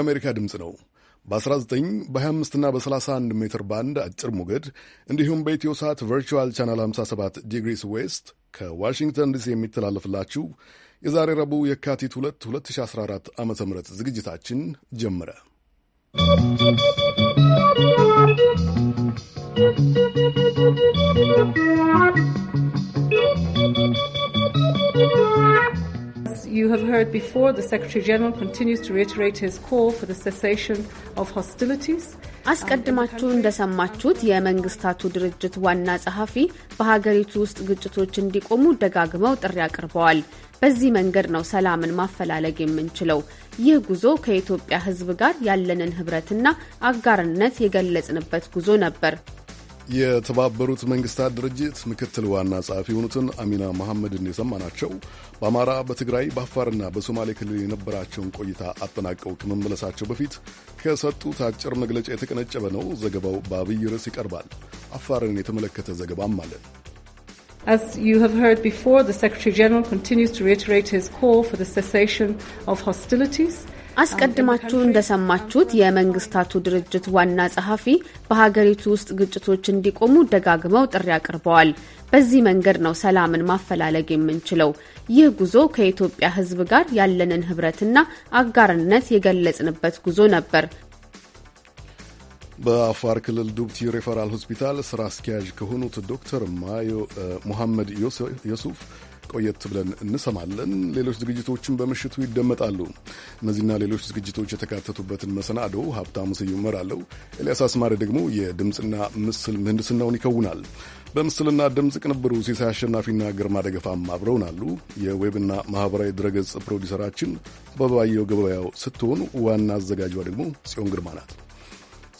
የአሜሪካ ድምፅ ነው። በ19 በ25 እና በ31 ሜትር ባንድ አጭር ሞገድ እንዲሁም በኢትዮ ሳት ቨርቹዋል ቻናል 57 ዲግሪስ ዌስት ከዋሽንግተን ዲሲ የሚተላለፍላችሁ የዛሬ ረቡዕ የካቲት 2 2014 ዓ ም ዝግጅታችን ጀመረ። ¶¶ you have heard before, the Secretary General continues to reiterate his call for the cessation of hostilities. አስቀድማችሁ um, እንደሰማችሁት የመንግስታቱ ድርጅት ዋና ጸሐፊ በሀገሪቱ ውስጥ ግጭቶች እንዲቆሙ ደጋግመው ጥሪ አቅርበዋል። በዚህ መንገድ ነው ሰላምን ማፈላለግ የምንችለው። ይህ ጉዞ ከኢትዮጵያ ሕዝብ ጋር ያለንን ህብረትና አጋርነት የገለጽንበት ጉዞ ነበር። የተባበሩት መንግስታት ድርጅት ምክትል ዋና ጸሐፊ የሆኑትን አሚና መሐመድን ናቸው። በአማራ፣ በትግራይ፣ በአፋርና በሶማሌ ክልል የነበራቸውን ቆይታ አጠናቀው ከመመለሳቸው በፊት ከሰጡት አጭር መግለጫ የተቀነጨበ ነው። ዘገባው በአብይ ርዕስ ይቀርባል። አፋርን የተመለከተ ዘገባም አለን። As you have heard before, the Secretary General continues to reiterate his call for the cessation of hostilities. አስቀድማችሁ እንደሰማችሁት የመንግስታቱ ድርጅት ዋና ጸሐፊ በሀገሪቱ ውስጥ ግጭቶች እንዲቆሙ ደጋግመው ጥሪ አቅርበዋል። በዚህ መንገድ ነው ሰላምን ማፈላለግ የምንችለው። ይህ ጉዞ ከኢትዮጵያ ሕዝብ ጋር ያለንን ህብረትና አጋርነት የገለጽንበት ጉዞ ነበር። በአፋር ክልል ዱብቲ ሬፈራል ሆስፒታል ስራ አስኪያጅ ከሆኑት ዶክተር ማዮ ሙሐመድ ዮሱፍ ቆየት ብለን እንሰማለን። ሌሎች ዝግጅቶችን በምሽቱ ይደመጣሉ። እነዚህና ሌሎች ዝግጅቶች የተካተቱበትን መሰናዶ ሀብታሙ ስዩም እመራለሁ። ኤልያስ አስማሪ ደግሞ የድምፅና ምስል ምህንድስናውን ይከውናል። በምስልና ድምፅ ቅንብሩ ሲሳይ አሸናፊና ግርማ ደገፋም አብረውን አሉ። የዌብና ማኅበራዊ ድረገጽ ፕሮዲሰራችን በባየው ገበያው ስትሆን ዋና አዘጋጇ ደግሞ ጽዮን ግርማ ናት።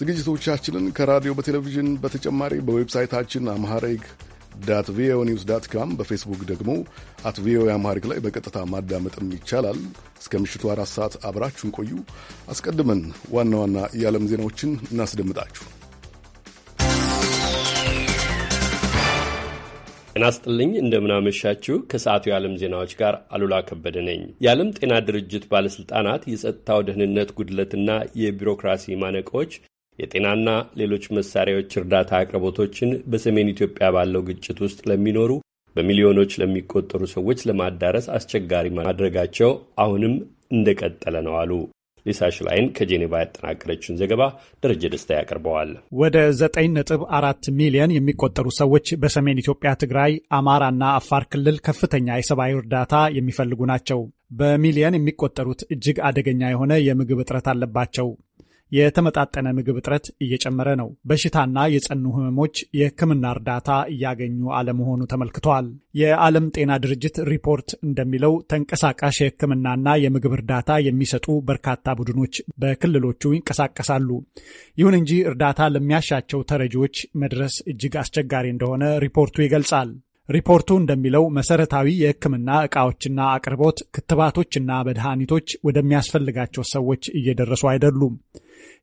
ዝግጅቶቻችንን ከራዲዮ በቴሌቪዥን በተጨማሪ በዌብሳይታችን አምሃሪክ ዳት ቪኦኤ ኒውስ ዳት ካም በፌስቡክ ደግሞ አት ቪኦኤ አማሪክ ላይ በቀጥታ ማዳመጥም ይቻላል። እስከ ምሽቱ አራት ሰዓት አብራችሁን ቆዩ። አስቀድመን ዋና ዋና የዓለም ዜናዎችን እናስደምጣችሁ። ጤና ስጥልኝ እንደምናመሻችሁ። ከሰዓቱ የዓለም ዜናዎች ጋር አሉላ ከበደ ነኝ። የዓለም ጤና ድርጅት ባለሥልጣናት የጸጥታው ደህንነት ጉድለትና የቢሮክራሲ ማነቆዎች የጤናና ሌሎች መሳሪያዎች እርዳታ አቅርቦቶችን በሰሜን ኢትዮጵያ ባለው ግጭት ውስጥ ለሚኖሩ በሚሊዮኖች ለሚቆጠሩ ሰዎች ለማዳረስ አስቸጋሪ ማድረጋቸው አሁንም እንደቀጠለ ነው አሉ። ሊሳ ሽላይን ከጄኔቫ ያጠናቀረችውን ዘገባ ደረጀ ደስታ ያቀርበዋል። ወደ 9.4 ሚሊዮን የሚቆጠሩ ሰዎች በሰሜን ኢትዮጵያ ትግራይ፣ አማራና አፋር ክልል ከፍተኛ የሰብአዊ እርዳታ የሚፈልጉ ናቸው። በሚሊዮን የሚቆጠሩት እጅግ አደገኛ የሆነ የምግብ እጥረት አለባቸው። የተመጣጠነ ምግብ እጥረት እየጨመረ ነው። በሽታና የጸኑ ህመሞች የህክምና እርዳታ እያገኙ አለመሆኑ ተመልክቷል። የዓለም ጤና ድርጅት ሪፖርት እንደሚለው ተንቀሳቃሽ የህክምናና የምግብ እርዳታ የሚሰጡ በርካታ ቡድኖች በክልሎቹ ይንቀሳቀሳሉ። ይሁን እንጂ እርዳታ ለሚያሻቸው ተረጂዎች መድረስ እጅግ አስቸጋሪ እንደሆነ ሪፖርቱ ይገልጻል። ሪፖርቱ እንደሚለው መሰረታዊ የሕክምና እቃዎችና አቅርቦት፣ ክትባቶችና መድኃኒቶች ወደሚያስፈልጋቸው ሰዎች እየደረሱ አይደሉም።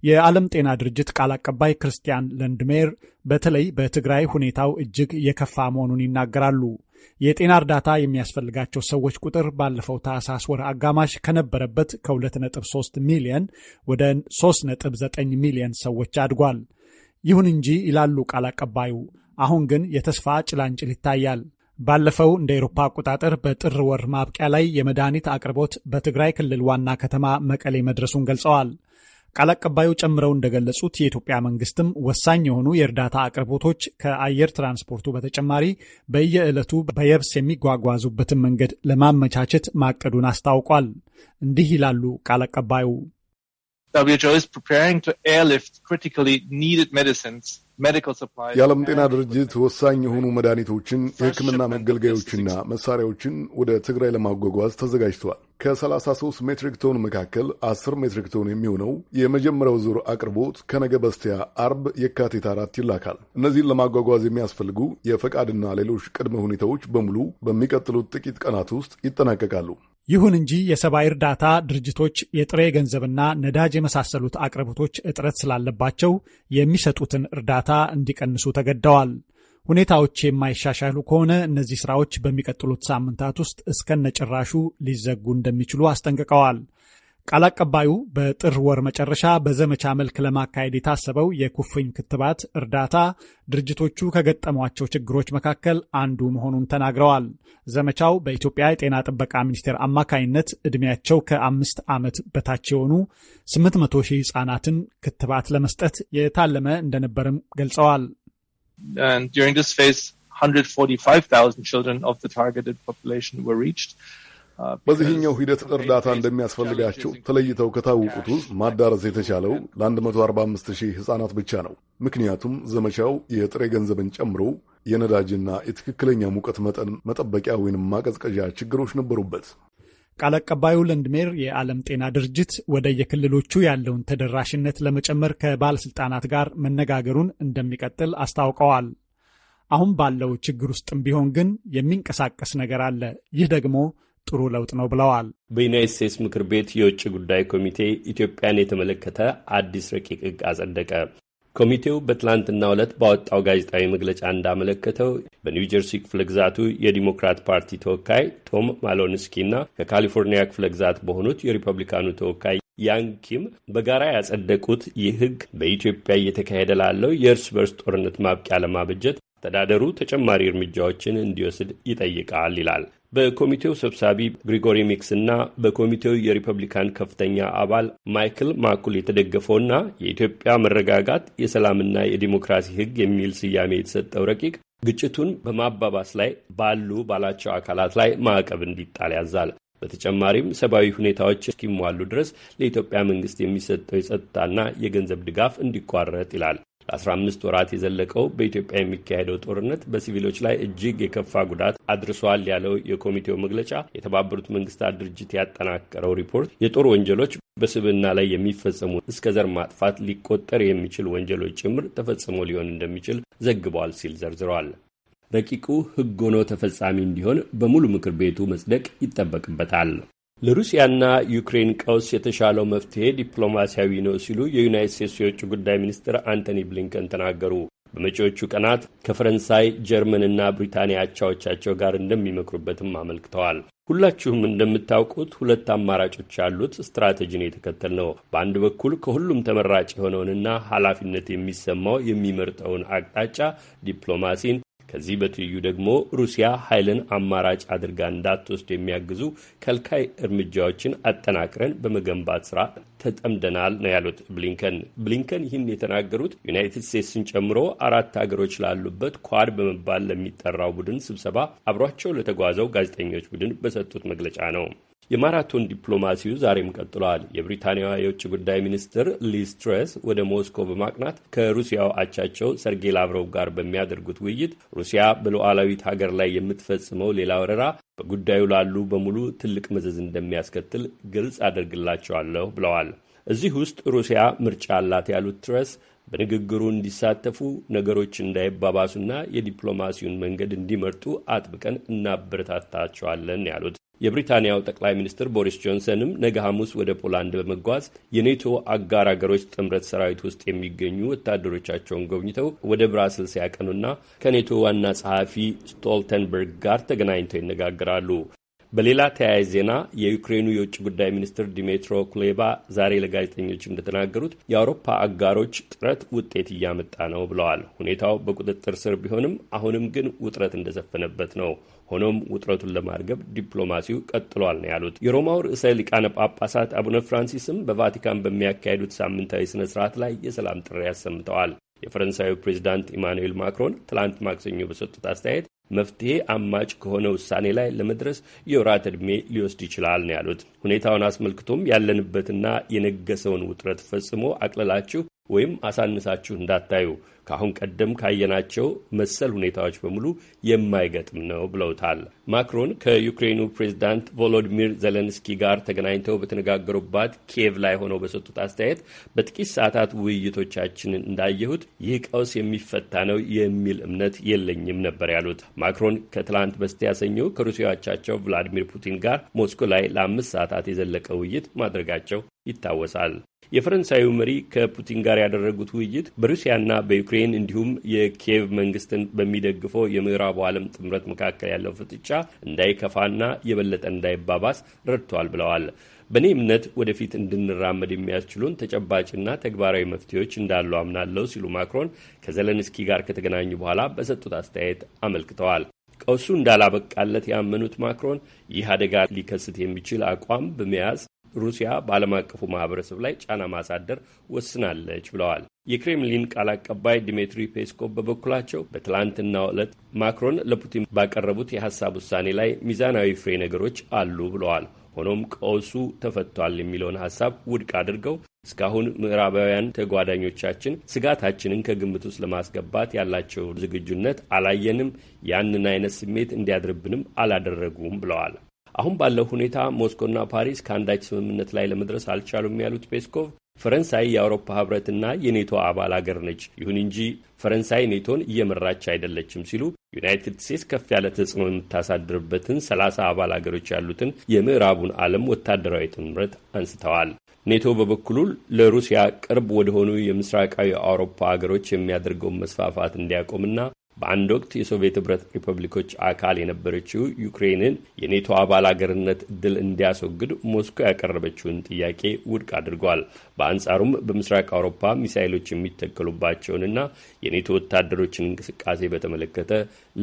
የዓለም ጤና ድርጅት ቃል አቀባይ ክርስቲያን ለንድሜር በተለይ በትግራይ ሁኔታው እጅግ የከፋ መሆኑን ይናገራሉ። የጤና እርዳታ የሚያስፈልጋቸው ሰዎች ቁጥር ባለፈው ታህሳስ ወር አጋማሽ ከነበረበት ከ2.3 ሚሊየን ወደ 3.9 ሚሊየን ሰዎች አድጓል። ይሁን እንጂ ይላሉ ቃል አቀባዩ አሁን ግን የተስፋ ጭላንጭል ይታያል። ባለፈው እንደ ኤሮፓ አቆጣጠር በጥር ወር ማብቂያ ላይ የመድኃኒት አቅርቦት በትግራይ ክልል ዋና ከተማ መቀሌ መድረሱን ገልጸዋል። ቃል አቀባዩ ጨምረው እንደገለጹት የኢትዮጵያ መንግስትም ወሳኝ የሆኑ የእርዳታ አቅርቦቶች ከአየር ትራንስፖርቱ በተጨማሪ በየዕለቱ በየብስ የሚጓጓዙበትን መንገድ ለማመቻቸት ማቀዱን አስታውቋል። እንዲህ ይላሉ ቃል አቀባዩ WHO is preparing to airlift critically needed medicines የዓለም ጤና ድርጅት ወሳኝ የሆኑ መድኃኒቶችን የሕክምና መገልገያዎችና መሳሪያዎችን ወደ ትግራይ ለማጓጓዝ ተዘጋጅተዋል። ከ33 ሜትሪክ ቶን መካከል 10 ሜትሪክ ቶን የሚሆነው የመጀመሪያው ዙር አቅርቦት ከነገ በስቲያ አርብ የካቲት አራት ይላካል። እነዚህን ለማጓጓዝ የሚያስፈልጉ የፈቃድና ሌሎች ቅድመ ሁኔታዎች በሙሉ በሚቀጥሉት ጥቂት ቀናት ውስጥ ይጠናቀቃሉ። ይሁን እንጂ የሰብአዊ እርዳታ ድርጅቶች የጥሬ ገንዘብና ነዳጅ የመሳሰሉት አቅርቦቶች እጥረት ስላለባቸው የሚሰጡትን እርዳታ እንዲቀንሱ ተገደዋል። ሁኔታዎች የማይሻሻሉ ከሆነ እነዚህ ስራዎች በሚቀጥሉት ሳምንታት ውስጥ እስከነጭራሹ ሊዘጉ እንደሚችሉ አስጠንቅቀዋል። ቃል አቀባዩ በጥር ወር መጨረሻ በዘመቻ መልክ ለማካሄድ የታሰበው የኩፍኝ ክትባት እርዳታ ድርጅቶቹ ከገጠሟቸው ችግሮች መካከል አንዱ መሆኑን ተናግረዋል። ዘመቻው በኢትዮጵያ የጤና ጥበቃ ሚኒስቴር አማካይነት ዕድሜያቸው ከአምስት ዓመት በታች የሆኑ 800 ሺህ ሕፃናትን ክትባት ለመስጠት የታለመ እንደነበርም ገልጸዋል። And during this phase, 145,000 children of the targeted population were reached. በዚህኛው ሂደት እርዳታ እንደሚያስፈልጋቸው ተለይተው ከታወቁት ውስጥ ማዳረስ የተቻለው ለ145 ሺህ ሕፃናት ብቻ ነው። ምክንያቱም ዘመቻው የጥሬ ገንዘብን ጨምሮ የነዳጅና የትክክለኛ ሙቀት መጠን መጠበቂያ ወይንም ማቀዝቀዣ ችግሮች ነበሩበት። ቃል አቀባዩ ለንድሜር የዓለም ጤና ድርጅት ወደ የክልሎቹ ያለውን ተደራሽነት ለመጨመር ከባለሥልጣናት ጋር መነጋገሩን እንደሚቀጥል አስታውቀዋል። አሁን ባለው ችግር ውስጥም ቢሆን ግን የሚንቀሳቀስ ነገር አለ። ይህ ደግሞ ጥሩ ለውጥ ነው ብለዋል። በዩናይት ስቴትስ ምክር ቤት የውጭ ጉዳይ ኮሚቴ ኢትዮጵያን የተመለከተ አዲስ ረቂቅ ሕግ አጸደቀ። ኮሚቴው በትላንትና ዕለት ባወጣው ጋዜጣዊ መግለጫ እንዳመለከተው በኒው ጀርሲ ክፍለ ግዛቱ የዲሞክራት ፓርቲ ተወካይ ቶም ማሎንስኪ እና ከካሊፎርኒያ ክፍለ ግዛት በሆኑት የሪፐብሊካኑ ተወካይ ያን ኪም በጋራ ያጸደቁት ይህ ህግ በኢትዮጵያ እየተካሄደ ላለው የእርስ በርስ ጦርነት ማብቂያ ለማበጀት አስተዳደሩ ተጨማሪ እርምጃዎችን እንዲወስድ ይጠይቃል ይላል። በኮሚቴው ሰብሳቢ ግሪጎሪ ሚክስ እና በኮሚቴው የሪፐብሊካን ከፍተኛ አባል ማይክል ማኩል የተደገፈውና የኢትዮጵያ መረጋጋት የሰላምና የዲሞክራሲ ሕግ የሚል ስያሜ የተሰጠው ረቂቅ ግጭቱን በማባባስ ላይ ባሉ ባላቸው አካላት ላይ ማዕቀብ እንዲጣል ያዛል። በተጨማሪም ሰብአዊ ሁኔታዎች እስኪሟሉ ድረስ ለኢትዮጵያ መንግስት የሚሰጠው የጸጥታና የገንዘብ ድጋፍ እንዲቋረጥ ይላል። ለ15 ወራት የዘለቀው በኢትዮጵያ የሚካሄደው ጦርነት በሲቪሎች ላይ እጅግ የከፋ ጉዳት አድርሷል ያለው የኮሚቴው መግለጫ የተባበሩት መንግስታት ድርጅት ያጠናቀረው ሪፖርት የጦር ወንጀሎች በስብና ላይ የሚፈጸሙ እስከ ዘር ማጥፋት ሊቆጠር የሚችል ወንጀሎች ጭምር ተፈጽሞ ሊሆን እንደሚችል ዘግቧል ሲል ዘርዝሯል። ረቂቁ ሕግ ሆኖ ተፈጻሚ እንዲሆን በሙሉ ምክር ቤቱ መጽደቅ ይጠበቅበታል። ለሩሲያና ዩክሬን ቀውስ የተሻለው መፍትሄ ዲፕሎማሲያዊ ነው ሲሉ የዩናይት ስቴትስ የውጭ ጉዳይ ሚኒስትር አንቶኒ ብሊንከን ተናገሩ። በመጪዎቹ ቀናት ከፈረንሳይ ጀርመንና ብሪታንያ አቻዎቻቸው ጋር እንደሚመክሩበትም አመልክተዋል። ሁላችሁም እንደምታውቁት ሁለት አማራጮች ያሉት ስትራቴጂን የተከተል ነው። በአንድ በኩል ከሁሉም ተመራጭ የሆነውንና ኃላፊነት የሚሰማው የሚመርጠውን አቅጣጫ ዲፕሎማሲን ከዚህ በትይዩ ደግሞ ሩሲያ ኃይልን አማራጭ አድርጋ እንዳትወስድ የሚያግዙ ከልካይ እርምጃዎችን አጠናክረን በመገንባት ስራ ተጠምደናል ነው ያሉት ብሊንከን። ብሊንከን ይህን የተናገሩት ዩናይትድ ስቴትስን ጨምሮ አራት ሀገሮች ላሉበት ኳድ በመባል ለሚጠራው ቡድን ስብሰባ አብሯቸው ለተጓዘው ጋዜጠኞች ቡድን በሰጡት መግለጫ ነው። የማራቶን ዲፕሎማሲው ዛሬም ቀጥሏል። የብሪታንያዋ የውጭ ጉዳይ ሚኒስትር ሊስትረስ ወደ ሞስኮ በማቅናት ከሩሲያው አቻቸው ሰርጌይ ላቭሮቭ ጋር በሚያደርጉት ውይይት ሩሲያ በሉዓላዊት ሀገር ላይ የምትፈጽመው ሌላ ወረራ በጉዳዩ ላሉ በሙሉ ትልቅ መዘዝ እንደሚያስከትል ግልጽ አደርግላቸዋለሁ ብለዋል። እዚህ ውስጥ ሩሲያ ምርጫ አላት ያሉት ትረስ በንግግሩ እንዲሳተፉ ነገሮች እንዳይባባሱና የዲፕሎማሲውን መንገድ እንዲመርጡ አጥብቀን እናበረታታቸዋለን ያሉት የብሪታንያው ጠቅላይ ሚኒስትር ቦሪስ ጆንሰንም ነገ ሐሙስ ወደ ፖላንድ በመጓዝ የኔቶ አጋር አገሮች ጥምረት ሰራዊት ውስጥ የሚገኙ ወታደሮቻቸውን ጎብኝተው ወደ ብራስልስ ያቀኑና ከኔቶ ዋና ጸሐፊ ስቶልተንበርግ ጋር ተገናኝተው ይነጋገራሉ። በሌላ ተያያዥ ዜና የዩክሬኑ የውጭ ጉዳይ ሚኒስትር ዲሜትሮ ኩሌባ ዛሬ ለጋዜጠኞች እንደተናገሩት የአውሮፓ አጋሮች ጥረት ውጤት እያመጣ ነው ብለዋል። ሁኔታው በቁጥጥር ስር ቢሆንም አሁንም ግን ውጥረት እንደሰፈነበት ነው። ሆኖም ውጥረቱን ለማርገብ ዲፕሎማሲው ቀጥሏል ነው ያሉት። የሮማው ርዕሰ ሊቃነ ጳጳሳት አቡነ ፍራንሲስም በቫቲካን በሚያካሂዱት ሳምንታዊ ስነ ስርዓት ላይ የሰላም ጥሪ አሰምተዋል። የፈረንሳዩ ፕሬዚዳንት ኢማኑኤል ማክሮን ትላንት ማክሰኞ በሰጡት አስተያየት መፍትሄ አማጭ ከሆነ ውሳኔ ላይ ለመድረስ የወራት ዕድሜ ሊወስድ ይችላል ነው ያሉት። ሁኔታውን አስመልክቶም ያለንበትና የነገሰውን ውጥረት ፈጽሞ አቅልላችሁ ወይም አሳንሳችሁ እንዳታዩ ከአሁን ቀደም ካየናቸው መሰል ሁኔታዎች በሙሉ የማይገጥም ነው ብለውታል። ማክሮን ከዩክሬኑ ፕሬዚዳንት ቮሎዲሚር ዘለንስኪ ጋር ተገናኝተው በተነጋገሩባት ኪየቭ ላይ ሆነው በሰጡት አስተያየት በጥቂት ሰዓታት ውይይቶቻችንን እንዳየሁት ይህ ቀውስ የሚፈታ ነው የሚል እምነት የለኝም ነበር ያሉት ማክሮን ከትላንት በስቲያ ሰኞ ከሩሲያዎቻቸው ቭላዲሚር ፑቲን ጋር ሞስኮ ላይ ለአምስት ሰዓታት የዘለቀ ውይይት ማድረጋቸው ይታወሳል። የፈረንሳዩ መሪ ከፑቲን ጋር ያደረጉት ውይይት በሩሲያና በዩክሬን እንዲሁም የኪየቭ መንግስትን በሚደግፈው የምዕራቡ ዓለም ጥምረት መካከል ያለው ፍጥጫ እንዳይከፋና የበለጠ እንዳይባባስ ረድቷል ብለዋል። በእኔ እምነት ወደፊት እንድንራመድ የሚያስችሉን ተጨባጭና ተግባራዊ መፍትሄዎች እንዳሉ አምናለሁ ሲሉ ማክሮን ከዘለንስኪ ጋር ከተገናኙ በኋላ በሰጡት አስተያየት አመልክተዋል። ቀውሱ እንዳላበቃለት ያመኑት ማክሮን ይህ አደጋ ሊከስት የሚችል አቋም በመያዝ ሩሲያ በዓለም አቀፉ ማህበረሰብ ላይ ጫና ማሳደር ወስናለች ብለዋል። የክሬምሊን ቃል አቀባይ ዲሚትሪ ፔስኮቭ በበኩላቸው በትላንትናው ዕለት ማክሮን ለፑቲን ባቀረቡት የሐሳብ ውሳኔ ላይ ሚዛናዊ ፍሬ ነገሮች አሉ ብለዋል። ሆኖም ቀውሱ ተፈቷል የሚለውን ሐሳብ ውድቅ አድርገው እስካሁን ምዕራባውያን ተጓዳኞቻችን ስጋታችንን ከግምት ውስጥ ለማስገባት ያላቸው ዝግጁነት አላየንም፣ ያንን አይነት ስሜት እንዲያድርብንም አላደረጉም ብለዋል። አሁን ባለው ሁኔታ ሞስኮና ፓሪስ ከአንዳች ስምምነት ላይ ለመድረስ አልቻሉም ያሉት ፔስኮቭ ፈረንሳይ የአውሮፓ ህብረትና የኔቶ አባል አገር ነች። ይሁን እንጂ ፈረንሳይ ኔቶን እየመራች አይደለችም ሲሉ ዩናይትድ ስቴትስ ከፍ ያለ ተጽዕኖ የምታሳድርበትን ሰላሳ አባል አገሮች ያሉትን የምዕራቡን ዓለም ወታደራዊ ጥምረት አንስተዋል። ኔቶ በበኩሉ ለሩሲያ ቅርብ ወደሆኑ የምስራቃዊ አውሮፓ አገሮች የሚያደርገውን መስፋፋት እንዲያቆምና በአንድ ወቅት የሶቪየት ህብረት ሪፐብሊኮች አካል የነበረችው ዩክሬንን የኔቶ አባል አገርነት እድል እንዲያስወግድ ሞስኮ ያቀረበችውን ጥያቄ ውድቅ አድርጓል። በአንጻሩም በምስራቅ አውሮፓ ሚሳይሎች የሚተከሉባቸውንና የኔቶ ወታደሮችን እንቅስቃሴ በተመለከተ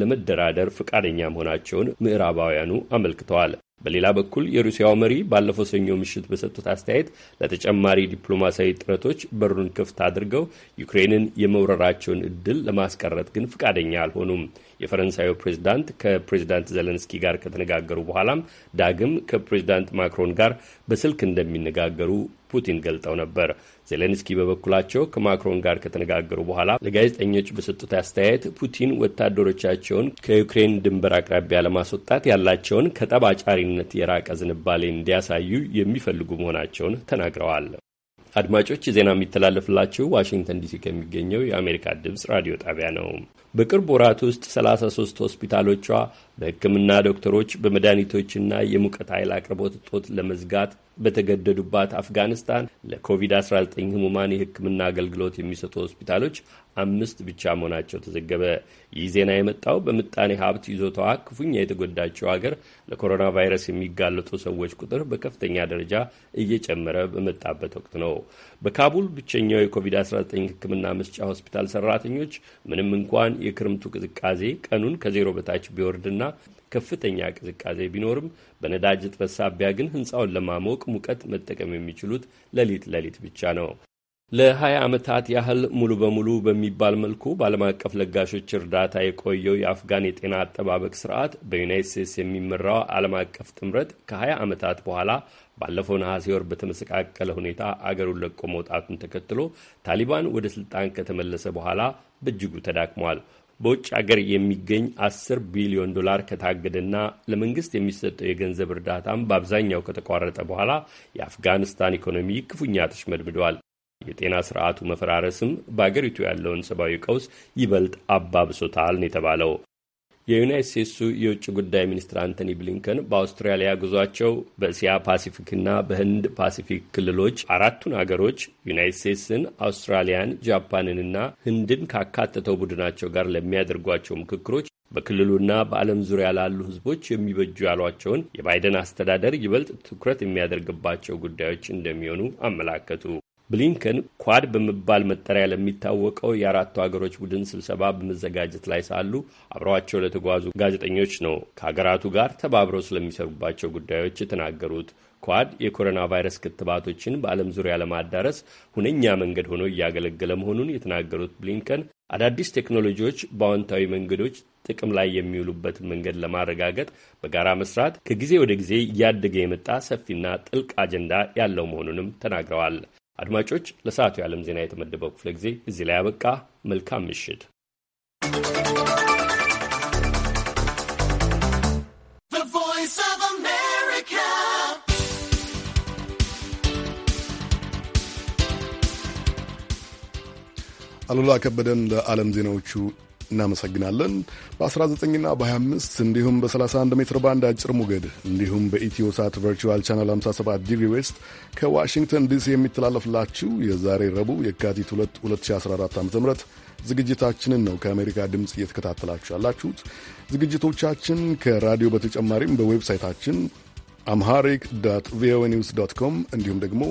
ለመደራደር ፈቃደኛ መሆናቸውን ምዕራባውያኑ አመልክተዋል። በሌላ በኩል የሩሲያው መሪ ባለፈው ሰኞ ምሽት በሰጡት አስተያየት ለተጨማሪ ዲፕሎማሲያዊ ጥረቶች በሩን ክፍት አድርገው ዩክሬንን የመውረራቸውን እድል ለማስቀረት ግን ፈቃደኛ አልሆኑም። የፈረንሳዩ ፕሬዚዳንት ከፕሬዚዳንት ዘለንስኪ ጋር ከተነጋገሩ በኋላም ዳግም ከፕሬዚዳንት ማክሮን ጋር በስልክ እንደሚነጋገሩ ፑቲን ገልጠው ነበር። ዜሌንስኪ በበኩላቸው ከማክሮን ጋር ከተነጋገሩ በኋላ ለጋዜጠኞች በሰጡት አስተያየት ፑቲን ወታደሮቻቸውን ከዩክሬን ድንበር አቅራቢያ ለማስወጣት ያላቸውን ከጠብ አጫሪነት የራቀ ዝንባሌ እንዲያሳዩ የሚፈልጉ መሆናቸውን ተናግረዋል። አድማጮች ዜና የሚተላለፍላችሁ ዋሽንግተን ዲሲ ከሚገኘው የአሜሪካ ድምፅ ራዲዮ ጣቢያ ነው። በቅርብ ወራት ውስጥ 33 ሆስፒታሎቿ በሕክምና ዶክተሮች በመድኃኒቶችና የሙቀት ኃይል አቅርቦት እጦት ለመዝጋት በተገደዱባት አፍጋኒስታን ለኮቪድ-19 ህሙማን የህክምና አገልግሎት የሚሰጡ ሆስፒታሎች አምስት ብቻ መሆናቸው ተዘገበ። ይህ ዜና የመጣው በምጣኔ ሀብት ይዞታዋ ክፉኛ የተጎዳቸው ሀገር ለኮሮና ቫይረስ የሚጋለጡ ሰዎች ቁጥር በከፍተኛ ደረጃ እየጨመረ በመጣበት ወቅት ነው። በካቡል ብቸኛው የኮቪድ-19 ህክምና መስጫ ሆስፒታል ሰራተኞች ምንም እንኳን የክርምቱ ቅዝቃዜ ቀኑን ከዜሮ በታች ቢወርድና ከፍተኛ ቅዝቃዜ ቢኖርም በነዳጅ እጥረት ሳቢያ ግን ህንፃውን ለማሞቅ ሙቀት መጠቀም የሚችሉት ሌሊት ሌሊት ብቻ ነው። ለ20 ዓመታት ያህል ሙሉ በሙሉ በሚባል መልኩ በዓለም አቀፍ ለጋሾች እርዳታ የቆየው የአፍጋን የጤና አጠባበቅ ስርዓት በዩናይት ስቴትስ የሚመራው ዓለም አቀፍ ጥምረት ከ20 ዓመታት በኋላ ባለፈው ነሐሴ ወር በተመሰቃቀለ ሁኔታ አገሩን ለቆ መውጣቱን ተከትሎ ታሊባን ወደ ስልጣን ከተመለሰ በኋላ በእጅጉ ተዳክሟል። በውጭ አገር የሚገኝ 10 ቢሊዮን ዶላር ከታገደና ለመንግስት የሚሰጠው የገንዘብ እርዳታም በአብዛኛው ከተቋረጠ በኋላ የአፍጋኒስታን ኢኮኖሚ ክፉኛ ተሽመድምደዋል። የጤና ስርዓቱ መፈራረስም በአገሪቱ ያለውን ሰብአዊ ቀውስ ይበልጥ አባብሶታል ነው የተባለው። የዩናይት ስቴትሱ የውጭ ጉዳይ ሚኒስትር አንቶኒ ብሊንከን በአውስትራሊያ ጉዟቸው በእስያ ፓሲፊክና በህንድ ፓሲፊክ ክልሎች አራቱን አገሮች ዩናይት ስቴትስን፣ አውስትራሊያን፣ ጃፓንንና ህንድን ካካተተው ቡድናቸው ጋር ለሚያደርጓቸው ምክክሮች በክልሉና በዓለም ዙሪያ ላሉ ህዝቦች የሚበጁ ያሏቸውን የባይደን አስተዳደር ይበልጥ ትኩረት የሚያደርግባቸው ጉዳዮች እንደሚሆኑ አመላከቱ። ብሊንከን ኳድ በመባል መጠሪያ ለሚታወቀው የአራቱ ሀገሮች ቡድን ስብሰባ በመዘጋጀት ላይ ሳሉ አብረዋቸው ለተጓዙ ጋዜጠኞች ነው ከሀገራቱ ጋር ተባብረው ስለሚሰሩባቸው ጉዳዮች የተናገሩት። ኳድ የኮሮና ቫይረስ ክትባቶችን በዓለም ዙሪያ ለማዳረስ ሁነኛ መንገድ ሆኖ እያገለገለ መሆኑን የተናገሩት ብሊንከን አዳዲስ ቴክኖሎጂዎች በአዎንታዊ መንገዶች ጥቅም ላይ የሚውሉበትን መንገድ ለማረጋገጥ በጋራ መስራት ከጊዜ ወደ ጊዜ እያደገ የመጣ ሰፊና ጥልቅ አጀንዳ ያለው መሆኑንም ተናግረዋል። አድማጮች፣ ለሰዓቱ የዓለም ዜና የተመደበው ክፍለ ጊዜ እዚህ ላይ አበቃ። መልካም ምሽት። አሉላ ከበደን ለዓለም ዜናዎቹ እናመሰግናለን። በ19ና በ25 እንዲሁም በ31 ሜትር ባንድ አጭር ሞገድ እንዲሁም ሳት ቨርቹዋል ቻናል 57 ዲግሪ ዌስት ከዋሽንግተን ዲሲ የሚተላለፍላችሁ የዛሬ ረቡዕ የካቲት 2 2014 ዓ ም ዝግጅታችንን ነው ከአሜሪካ ድምፅ እየተከታተላችሁ ያላችሁት። ዝግጅቶቻችን ከራዲዮ በተጨማሪም በዌብሳይታችን አምሃሪክ ዶት ቪኦኤ ኒውስ ዶት ኮም እንዲሁም ደግሞ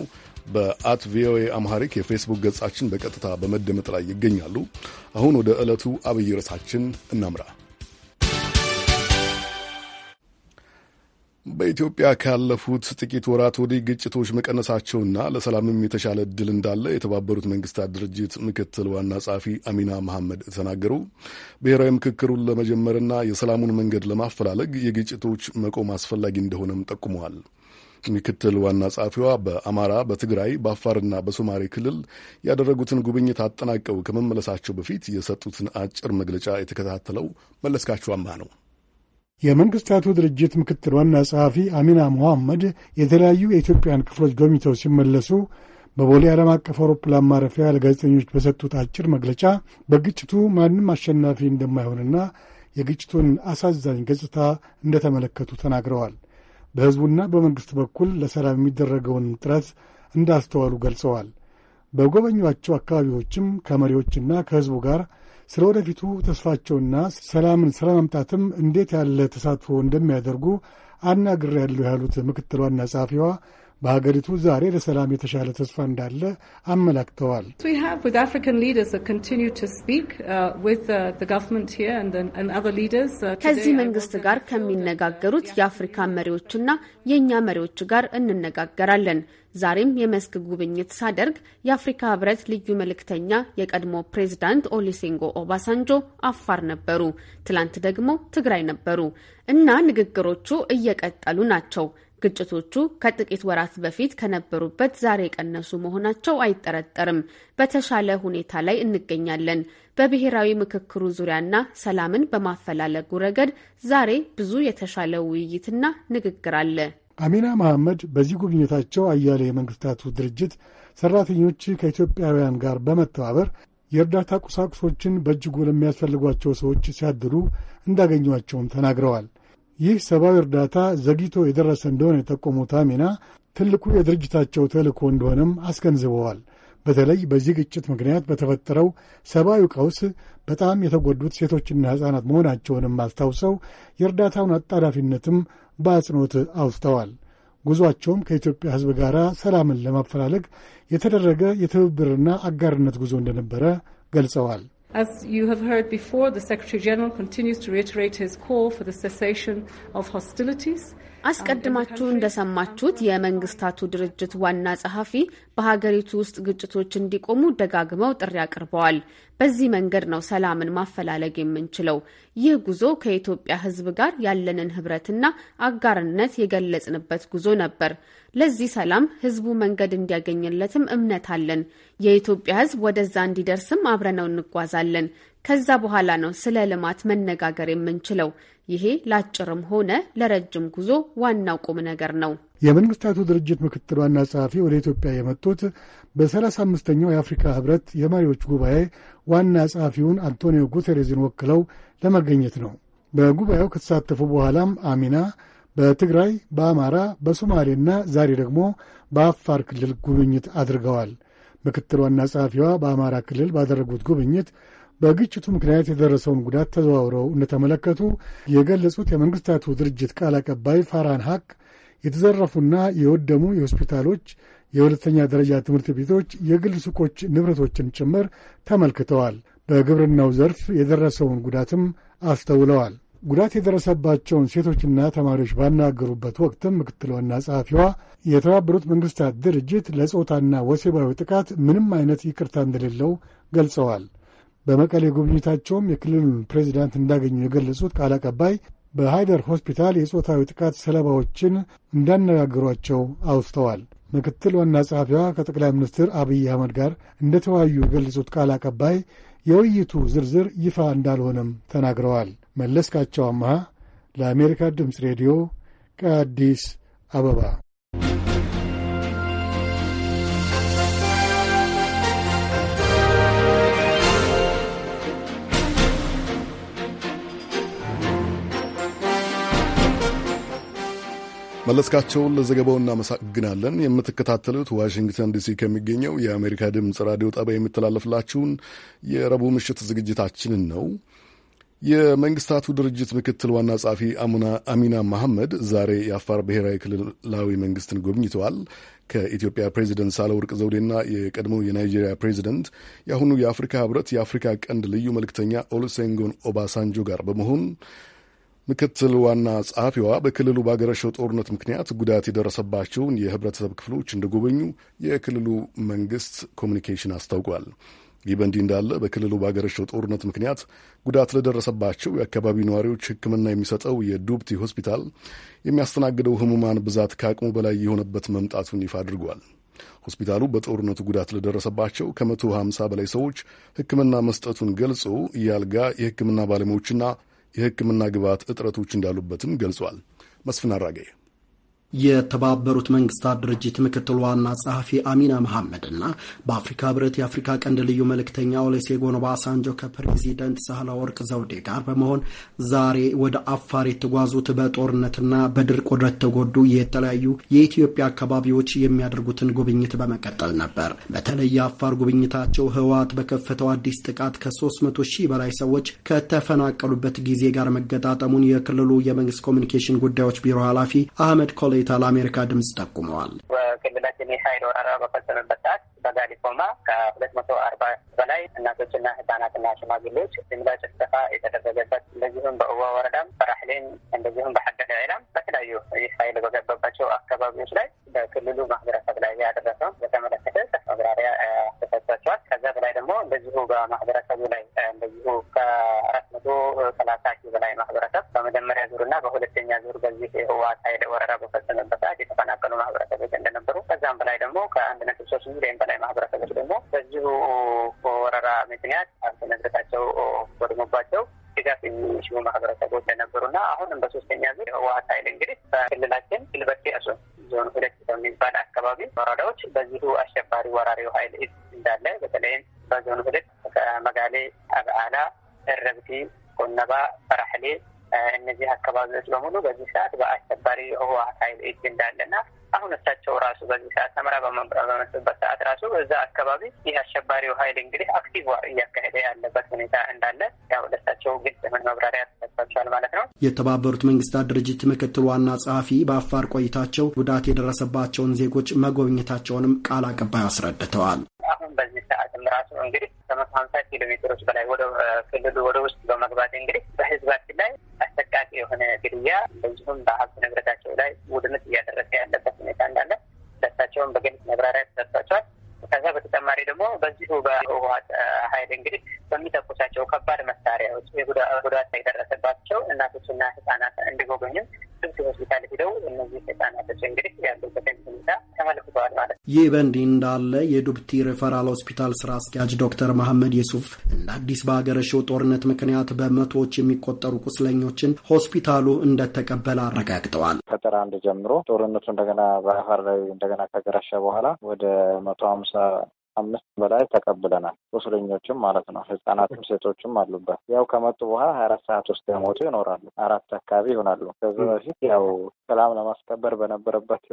በአት ቪኦኤ አምሃሪክ የፌስቡክ ገጻችን በቀጥታ በመደመጥ ላይ ይገኛሉ። አሁን ወደ ዕለቱ አብይ ርዕሳችን እናምራ። በኢትዮጵያ ካለፉት ጥቂት ወራት ወዲህ ግጭቶች መቀነሳቸውና ለሰላምም የተሻለ እድል እንዳለ የተባበሩት መንግስታት ድርጅት ምክትል ዋና ጸሐፊ አሚና መሐመድ ተናገሩ። ብሔራዊ ምክክሩን ለመጀመርና የሰላሙን መንገድ ለማፈላለግ የግጭቶች መቆም አስፈላጊ እንደሆነም ጠቁመዋል። ምክትል ዋና ጸሐፊዋ በአማራ፣ በትግራይ፣ በአፋርና በሶማሌ ክልል ያደረጉትን ጉብኝት አጠናቀው ከመመለሳቸው በፊት የሰጡትን አጭር መግለጫ የተከታተለው መለስካቸው አማ ነው። የመንግስታቱ ድርጅት ምክትል ዋና ጸሐፊ አሚና ሙሐመድ የተለያዩ የኢትዮጵያን ክፍሎች ጎብኝተው ሲመለሱ በቦሌ ዓለም አቀፍ አውሮፕላን ማረፊያ ለጋዜጠኞች በሰጡት አጭር መግለጫ በግጭቱ ማንም አሸናፊ እንደማይሆንና የግጭቱን አሳዛኝ ገጽታ እንደተመለከቱ ተናግረዋል። በሕዝቡና በመንግሥት በኩል ለሰላም የሚደረገውን ጥረት እንዳስተዋሉ ገልጸዋል። በጎበኟቸው አካባቢዎችም ከመሪዎችና ከሕዝቡ ጋር ስለ ወደፊቱ ተስፋቸውና ሰላምን ስለ ማምጣትም እንዴት ያለ ተሳትፎ እንደሚያደርጉ አናግሬያለሁ ያሉት ምክትል ዋና ጸሐፊዋ በሀገሪቱ ዛሬ ለሰላም የተሻለ ተስፋ እንዳለ አመላክተዋል። uh, uh, ከዚህ መንግስት ጋር ከሚነጋገሩት የአፍሪካ መሪዎችና የእኛ መሪዎች ጋር እንነጋገራለን። ዛሬም የመስክ ጉብኝት ሳደርግ የአፍሪካ ህብረት ልዩ መልእክተኛ የቀድሞ ፕሬዝዳንት ኦሊሴንጎ ኦባሳንጆ አፋር ነበሩ። ትላንት ደግሞ ትግራይ ነበሩ እና ንግግሮቹ እየቀጠሉ ናቸው። ግጭቶቹ ከጥቂት ወራት በፊት ከነበሩበት ዛሬ የቀነሱ መሆናቸው አይጠረጠርም። በተሻለ ሁኔታ ላይ እንገኛለን። በብሔራዊ ምክክሩ ዙሪያና ሰላምን በማፈላለጉ ረገድ ዛሬ ብዙ የተሻለ ውይይትና ንግግር አለ። አሚና መሐመድ በዚህ ጉብኝታቸው አያሌ የመንግስታቱ ድርጅት ሰራተኞች ከኢትዮጵያውያን ጋር በመተባበር የእርዳታ ቁሳቁሶችን በእጅጉ ለሚያስፈልጓቸው ሰዎች ሲያድሉ እንዳገኟቸውም ተናግረዋል። ይህ ሰብአዊ እርዳታ ዘግይቶ የደረሰ እንደሆነ የጠቆሙት አሚና ትልቁ የድርጅታቸው ተልእኮ እንደሆነም አስገንዝበዋል። በተለይ በዚህ ግጭት ምክንያት በተፈጠረው ሰብአዊ ቀውስ በጣም የተጎዱት ሴቶችና ሕፃናት መሆናቸውንም አስታውሰው የእርዳታውን አጣዳፊነትም በአጽንኦት አውስተዋል። ጉዞአቸውም ከኢትዮጵያ ሕዝብ ጋር ሰላምን ለማፈላለግ የተደረገ የትብብርና አጋርነት ጉዞ እንደነበረ ገልጸዋል። As you have heard before, the Secretary General continues to reiterate his call for the cessation of hostilities. አስቀድማችሁ እንደሰማችሁት የመንግስታቱ ድርጅት ዋና ጸሐፊ በሀገሪቱ ውስጥ ግጭቶች እንዲቆሙ ደጋግመው ጥሪ አቅርበዋል። በዚህ መንገድ ነው ሰላምን ማፈላለግ የምንችለው። ይህ ጉዞ ከኢትዮጵያ ሕዝብ ጋር ያለንን ህብረትና አጋርነት የገለጽንበት ጉዞ ነበር። ለዚህ ሰላም ህዝቡ መንገድ እንዲያገኝለትም እምነት አለን። የኢትዮጵያ ህዝብ ወደዛ እንዲደርስም አብረነው እንጓዛለን። ከዛ በኋላ ነው ስለ ልማት መነጋገር የምንችለው። ይሄ ለአጭርም ሆነ ለረጅም ጉዞ ዋናው ቁም ነገር ነው። የመንግስታቱ ድርጅት ምክትል ዋና ጸሐፊ ወደ ኢትዮጵያ የመጡት በሰላሳ አምስተኛው የአፍሪካ ህብረት የመሪዎች ጉባኤ ዋና ጸሐፊውን አንቶኒዮ ጉቴሬዝን ወክለው ለመገኘት ነው። በጉባኤው ከተሳተፉ በኋላም አሚና በትግራይ፣ በአማራ፣ በሶማሌና ዛሬ ደግሞ በአፋር ክልል ጉብኝት አድርገዋል። ምክትል ዋና ጸሐፊዋ በአማራ ክልል ባደረጉት ጉብኝት በግጭቱ ምክንያት የደረሰውን ጉዳት ተዘዋውረው እንደተመለከቱ የገለጹት የመንግሥታቱ ድርጅት ቃል አቀባይ ፋራን ሀቅ የተዘረፉና የወደሙ የሆስፒታሎች፣ የሁለተኛ ደረጃ ትምህርት ቤቶች፣ የግል ሱቆች ንብረቶችን ጭምር ተመልክተዋል። በግብርናው ዘርፍ የደረሰውን ጉዳትም አስተውለዋል። ጉዳት የደረሰባቸውን ሴቶችና ተማሪዎች ባናገሩበት ወቅትም ምክትል ዋና ጸሐፊዋ የተባበሩት መንግስታት ድርጅት ለጾታና ወሲባዊ ጥቃት ምንም አይነት ይቅርታ እንደሌለው ገልጸዋል። በመቀሌ ጉብኝታቸውም የክልሉን ፕሬዚዳንት እንዳገኙ የገለጹት ቃል አቀባይ በሃይደር ሆስፒታል የጾታዊ ጥቃት ሰለባዎችን እንዳነጋግሯቸው አውስተዋል። ምክትል ዋና ጸሐፊዋ ከጠቅላይ ሚኒስትር አብይ አህመድ ጋር እንደተወያዩ የገለጹት ቃል አቀባይ የውይይቱ ዝርዝር ይፋ እንዳልሆነም ተናግረዋል። መለስካቸው አምሃ ለአሜሪካ ድምፅ ሬዲዮ ከአዲስ አበባ። መለስካቸውን ለዘገባው እናመሰግናለን። የምትከታተሉት ዋሽንግተን ዲሲ ከሚገኘው የአሜሪካ ድምፅ ራዲዮ ጣቢያ የሚተላለፍላችሁን የረቡዕ ምሽት ዝግጅታችንን ነው። የመንግስታቱ ድርጅት ምክትል ዋና ጸሐፊ አሚና መሐመድ ዛሬ የአፋር ብሔራዊ ክልላዊ መንግስትን ጎብኝተዋል። ከኢትዮጵያ ፕሬዚደንት ሳለወርቅ ዘውዴና የቀድሞ የናይጄሪያ ፕሬዚደንት የአሁኑ የአፍሪካ ህብረት የአፍሪካ ቀንድ ልዩ መልክተኛ ኦሉሴጉን ኦባሳንጆ ጋር በመሆን ምክትል ዋና ጸሐፊዋ በክልሉ ባገረሸው ጦርነት ምክንያት ጉዳት የደረሰባቸውን የህብረተሰብ ክፍሎች እንደጎበኙ የክልሉ መንግስት ኮሚኒኬሽን አስታውቋል። ይህ በእንዲህ እንዳለ በክልሉ ባገረሸው ጦርነት ምክንያት ጉዳት ለደረሰባቸው የአካባቢው ነዋሪዎች ሕክምና የሚሰጠው የዱብቲ ሆስፒታል የሚያስተናግደው ህሙማን ብዛት ከአቅሙ በላይ የሆነበት መምጣቱን ይፋ አድርጓል። ሆስፒታሉ በጦርነቱ ጉዳት ለደረሰባቸው ከመቶ ሃምሳ በላይ ሰዎች ሕክምና መስጠቱን ገልጾ የአልጋ የሕክምና ባለሙያዎችና የሕክምና ግብዓት እጥረቶች እንዳሉበትም ገልጿል። መስፍን አራጌ የተባበሩት መንግስታት ድርጅት ምክትል ዋና ጸሐፊ አሚና መሐመድ እና በአፍሪካ ህብረት የአፍሪካ ቀንድ ልዩ መልእክተኛ ኦሉሴጎን ኦባሳንጆ ከፕሬዚደንት ሳህለ ወርቅ ዘውዴ ጋር በመሆን ዛሬ ወደ አፋር የተጓዙት በጦርነትና በድርቅ ወደተጎዱ የተለያዩ የኢትዮጵያ አካባቢዎች የሚያደርጉትን ጉብኝት በመቀጠል ነበር። በተለይ የአፋር ጉብኝታቸው ህወሓት በከፈተው አዲስ ጥቃት ከ300 ሺህ በላይ ሰዎች ከተፈናቀሉበት ጊዜ ጋር መገጣጠሙን የክልሉ የመንግስት ኮሚኒኬሽን ጉዳዮች ቢሮ ኃላፊ አህመድ ኮሌ ሁኔታ ለአሜሪካ ድምፅ ጠቁመዋል። በክልላችን የሀይል ወረራ በፈጸመበት ሰዓት በጋ በጋሊኮማ ከሁለት መቶ አርባ በላይ እናቶችና ህጻናትና ሽማግሌዎች ድምላ ጭፍጨፋ የተደረገበት እንደዚሁም በእዋ ወረዳም በራሕሌን እንደዚሁም በሐደደ ዒላም በተለያዩ ይህ ኃይል በገባባቸው አካባቢዎች ላይ በክልሉ ማህበረሰብ ላይ ያደረሰው በተመለከተ ማብራሪያ ተሰጥቷቸዋል። ከዛ በላይ ደግሞ እንደዚሁ በማህበረሰቡ ላይ እንደዚሁ ከአራት መቶ ሰላሳ ሺህ በላይ ማህበረሰብ በመጀመሪያ ዙር ዙርና በሁለተኛ ዙር በዚህ ህወሓት ኃይል ወረራ በፈጸመበት ሰዓት የተፈናቀሉ ማህበረሰቦች እንደነበሩ ከዛም በላይ ደግሞ ከአንድ ነጥብ ሶስት ሚሊዮን በላይ ተፈናቃይ ማህበረሰቦች ደግሞ በዚሁ በወረራ ምክንያት ሀብት ንብረታቸው ወድሞባቸው ድጋፍ የሚችሉ ማህበረሰቦች የነበሩና አሁንም በሶስተኛ ዙር ህወሀት ኃይል እንግዲህ በክልላችን ክልበት ያሱ ዞን ሁለት በሚባል አካባቢ ወረዳዎች በዚሁ አሸባሪ ወራሪው ኃይል እንዳለ በተለይም በዞን ሁለት ከመጋሌ፣ አብዓላ፣ እረብቲ፣ ኮነባ፣ በራሕሌ እነዚህ አካባቢዎች በሙሉ በዚህ ሰዓት በአሸባሪ ህወሓት ኃይል እጅ እንዳለና አሁን እሳቸው ራሱ በዚህ ሰዓት ሰመራ በመጡበት ሰዓት ራሱ እዛ አካባቢ ይህ አሸባሪው ኃይል እንግዲህ አክቲቭ ዋር እያካሄደ ያለበት ሁኔታ እንዳለ ያው ለእሳቸው ግልጽ ምን መብራሪያ ተሰጥቷቸዋል ማለት ነው። የተባበሩት መንግስታት ድርጅት ምክትል ዋና ጸሐፊ በአፋር ቆይታቸው ጉዳት የደረሰባቸውን ዜጎች መጎብኘታቸውንም ቃል አቀባይ አስረድተዋል። አሁን በዚህ ሰዓትም ራሱ እንግዲህ ከመቶ ሀምሳ ኪሎ ሜትሮች በላይ ወደ ክልሉ ወደ ውስጥ በመግባት እንግዲህ በህዝባችን ላይ አሰቃቂ የሆነ ግድያ እንደዚሁም በሀብት ንብረታቸው ላይ ውድመት እያደረሰ ያለበት ሁኔታ እንዳለ ሁለታቸውን በግልጽ መብራሪያ ተሰጥቷቸዋል። ከዛ በተጨማሪ ደግሞ በዚሁ በህወሀት ኃይል እንግዲህ በሚተኩሳቸው ከባድ መሳሪያዎች ጉዳት የደረሰባቸው እናቶችና ህጻናት እንዲጎበኙም ስንት ሆስፒታል ሄደው እነዚህ ህጻናቶች እንግዲህ ያሉበትን ሁኔታ ተመልክተዋል ማለት ነው። ይህ በእንዲህ እንዳለ የዱብቲ ሪፈራል ሆስፒታል ስራ አስኪያጅ ዶክተር መሐመድ የሱፍ እንደ አዲስ በሀገረሸው ጦርነት ምክንያት በመቶዎች የሚቆጠሩ ቁስለኞችን ሆስፒታሉ እንደተቀበለ አረጋግጠዋል። ከጥር አንድ ጀምሮ ጦርነቱ እንደገና በአፋር ላይ እንደገና ከገረሸ በኋላ ወደ መቶ ሀምሳ አምስት በላይ ተቀብለናል። ቁስለኞችም ማለት ነው። ህጻናትም ሴቶችም አሉበት። ያው ከመጡ በኋላ ሀያ አራት ሰዓት ውስጥ የሞቱ ይኖራሉ። አራት አካባቢ ይሆናሉ። ከዚህ በፊት ያው ሰላም ለማስከበር በነበረበት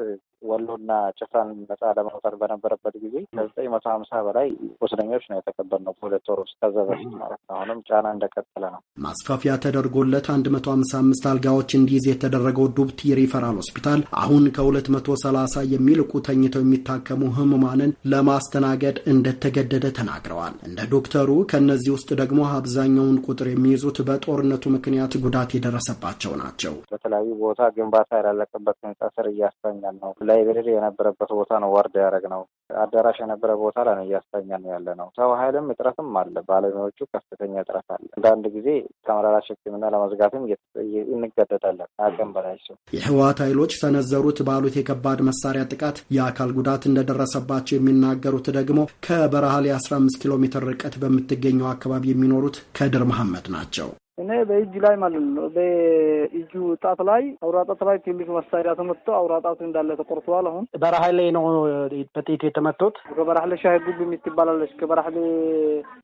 ወሎና ጭፍራን ነጻ ለማውጣት በነበረበት ጊዜ ከዘጠኝ መቶ ሀምሳ በላይ ቁስለኞች ነው የተቀበልነው በሁለት ወር ውስጥ ከዛ በፊት ማለት ነው። አሁንም ጫና እንደቀጠለ ነው። ማስፋፊያ ተደርጎለት አንድ መቶ ሀምሳ አምስት አልጋዎች እንዲይዝ የተደረገው ዱብቲ ሪፈራል ሆስፒታል አሁን ከሁለት መቶ ሰላሳ የሚልቁ ተኝተው የሚታከሙ ህሙማንን ለማስተናገድ እንደተገደደ ተናግረዋል። እንደ ዶክተሩ ከእነዚህ ውስጥ ደግሞ አብዛኛውን ቁጥር የሚይዙት በጦርነቱ ምክንያት ጉዳት የደረሰባቸው ናቸው። በተለያዩ ቦታ ግንባታ ባላለቀበት ህንጻ ስር እያስታኛል ነው። ላይብረሪ የነበረበት ቦታ ነው ወርድ ያደረግ ነው። አዳራሽ የነበረ ቦታ ላይ ነው እያስታኛል ነው ያለ ነው። ሰው ሀይልም እጥረትም አለ። ባለሙያዎቹ ከፍተኛ እጥረት አለ። አንዳንድ ጊዜ ተመላላሽ ህክምና ለመዝጋትም እንገደዳለን። አቅም በላይ ሰው የህወሓት ኃይሎች ሰነዘሩት ባሉት የከባድ መሳሪያ ጥቃት የአካል ጉዳት እንደደረሰባቸው የሚናገሩት ደግሞ ከበረሃሌ አስራ አምስት ኪሎ ሜትር ርቀት በምትገኘው አካባቢ የሚኖሩት ከድር መሐመድ ናቸው። እኔ በእጅ ላይ ማለት ነው በእጁ ጣት ላይ አውራ ጣት ላይ ትንሽ መሳሪያ ተመቶ አውራ ጣቱ እንዳለ ተቆርተዋል። አሁን ላይ ነው በጥይት የተመቱት። ላይ ሻይ ጉብ የምትባላለች ከበራህሌ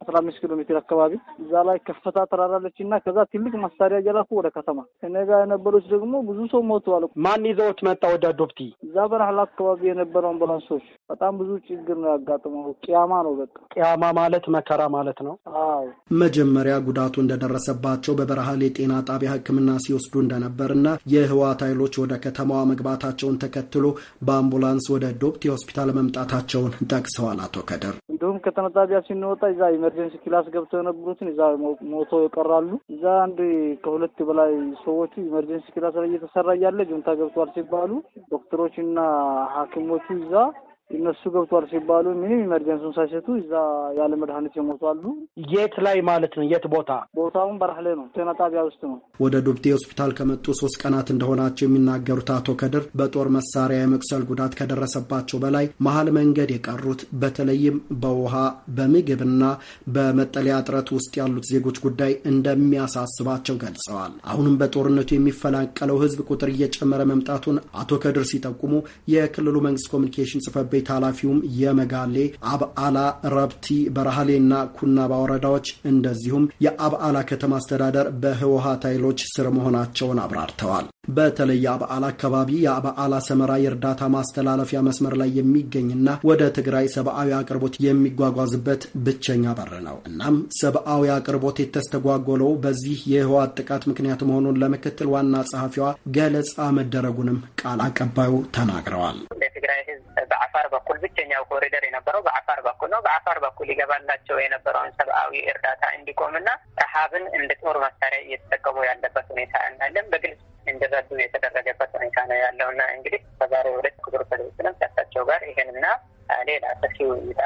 አስራ አምስት ኪሎ ሜትር አካባቢ እዛ ላይ ከፍታ ተራራለች እና ከዛ ትልቅ መሳሪያ ጀላኩ ወደ ከተማ። እኔ ጋር የነበሮች ደግሞ ብዙ ሰው ሞተዋል። ማን ይዘውት መጣ ወደ ዶብቲ? እዛ በራህላ አካባቢ የነበረው አምቡላንሶች በጣም ብዙ ችግር ነው ያጋጥመው። ቅያማ ነው በቃ ቅያማ ማለት መከራ ማለት ነው። አዎ መጀመሪያ ጉዳቱ እንደደረሰባት በመሆናቸው በበረሃል የጤና ጣቢያ ሕክምና ሲወስዱ እንደነበርና የህወሓት ኃይሎች ወደ ከተማዋ መግባታቸውን ተከትሎ በአምቡላንስ ወደ ዶፕቲ ሆስፒታል መምጣታቸውን ጠቅሰዋል። አቶ ከደር እንዲሁም ከተማ ጣቢያ ሲንወጣ እዛ ኢመርጀንሲ ክላስ ገብተው የነበሩትን እዛ ሞቶ ይቀራሉ። እዛ አንድ ከሁለት በላይ ሰዎቹ ኢመርጀንሲ ክላስ ላይ እየተሰራ እያለ ጁንታ ገብተዋል ሲባሉ ዶክተሮች ዶክተሮችና ሐኪሞቹ እዛ እነሱ ገብቷል ሲባሉ ምንም ኢመርጀንሱን ሳይሰጡ እዛ ያለ መድኃኒት የሞቱ አሉ። የት ላይ ማለት ነው? የት ቦታ? ቦታውን በራህ ነው፣ ጤና ጣቢያ ውስጥ ነው። ወደ ዱብቴ ሆስፒታል ከመጡ ሶስት ቀናት እንደሆናቸው የሚናገሩት አቶ ከድር በጦር መሳሪያ የመቁሰል ጉዳት ከደረሰባቸው በላይ መሀል መንገድ የቀሩት በተለይም በውሃ በምግብና በመጠለያ እጥረት ውስጥ ያሉት ዜጎች ጉዳይ እንደሚያሳስባቸው ገልጸዋል። አሁንም በጦርነቱ የሚፈናቀለው ህዝብ ቁጥር እየጨመረ መምጣቱን አቶ ከድር ሲጠቁሙ የክልሉ መንግስት ኮሚኒኬሽን ጽፈት ቤት ኃላፊውም የመጋሌ አብአላ፣ ረብቲ፣ በረሃሌና ኩናባ ወረዳዎች እንደዚሁም የአብአላ ከተማ አስተዳደር በህወሀት ኃይሎች ስር መሆናቸውን አብራርተዋል። በተለይ የአብዓላ አካባቢ የአብዓላ ሰመራ የእርዳታ ማስተላለፊያ መስመር ላይ የሚገኝና ወደ ትግራይ ሰብአዊ አቅርቦት የሚጓጓዝበት ብቸኛ በር ነው። እናም ሰብአዊ አቅርቦት የተስተጓጎለው በዚህ የህወሓት ጥቃት ምክንያት መሆኑን ለምክትል ዋና ጸሐፊዋ ገለጻ መደረጉንም ቃል አቀባዩ ተናግረዋል። የትግራይ ህዝብ በአፋር በኩል ብቸኛው ኮሪደር የነበረው በአፋር በኩል ነው። በአፋር በኩል ይገባላቸው የነበረውን ሰብአዊ እርዳታ እንዲቆምና ረሃብን እንደ ጦር መሳሪያ እየተጠቀሙ ያለበት ሁኔታ እናለን በግልጽ እንዲረዱ የተደረገበት ሁኔታ ነው ያለውና እንግዲህ በዛሬ ሁለት ክቡር ፕሬዚደንት ያሳቸው ጋር ይሄንና ሌላ ሰፊ ውይይት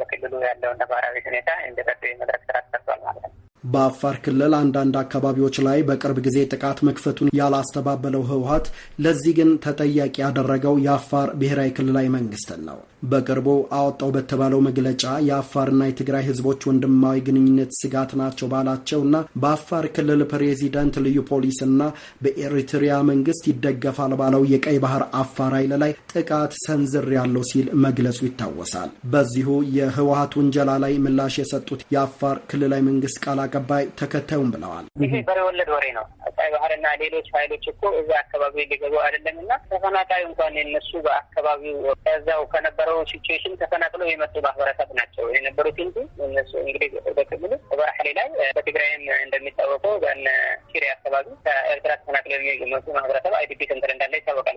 በክልሉ ያለውን ነባራዊ ሁኔታ እንዲረዱ የመድረክ ስራ ሰርቷል ማለት ነው። በአፋር ክልል አንዳንድ አካባቢዎች ላይ በቅርብ ጊዜ ጥቃት መክፈቱን ያላስተባበለው ህወሀት ለዚህ ግን ተጠያቂ ያደረገው የአፋር ብሔራዊ ክልላዊ መንግስትን ነው። በቅርቡ አወጣው በተባለው መግለጫ የአፋርና የትግራይ ህዝቦች ወንድማዊ ግንኙነት ስጋት ናቸው ባላቸውና በአፋር ክልል ፕሬዚደንት ልዩ ፖሊስና በኤሪትሪያ መንግስት ይደገፋል ባለው የቀይ ባህር አፋር ኃይል ላይ ጥቃት ሰንዝር ያለው ሲል መግለጹ ይታወሳል። በዚሁ የህወሀት ውንጀላ ላይ ምላሽ የሰጡት የአፋር ክልላዊ መንግስት ቃል አቀባይ ተከታዩም ብለዋል። ይሄ በሬ ወለድ ወሬ ነው። ቀይ ባህርና ሌሎች ኃይሎች እኮ እዛ አካባቢ ሊገቡ አይደለም እና ተፈናቃዩ እንኳን የነሱ በአካባቢው ከዛው ከነበረው ሲትዌሽን ተፈናቅሎ የመጡ ማህበረሰብ ናቸው የነበሩት እንጂ እነሱ እንግዲህ በክልሉ በባህሌ ላይ በትግራይም እንደሚታወቀው በነ ሲሪያ አካባቢ ከኤርትራ ተፈናቅሎ የመጡ ማህበረሰብ አይዲፒ ሰንተር እንዳለ ይታወቃል።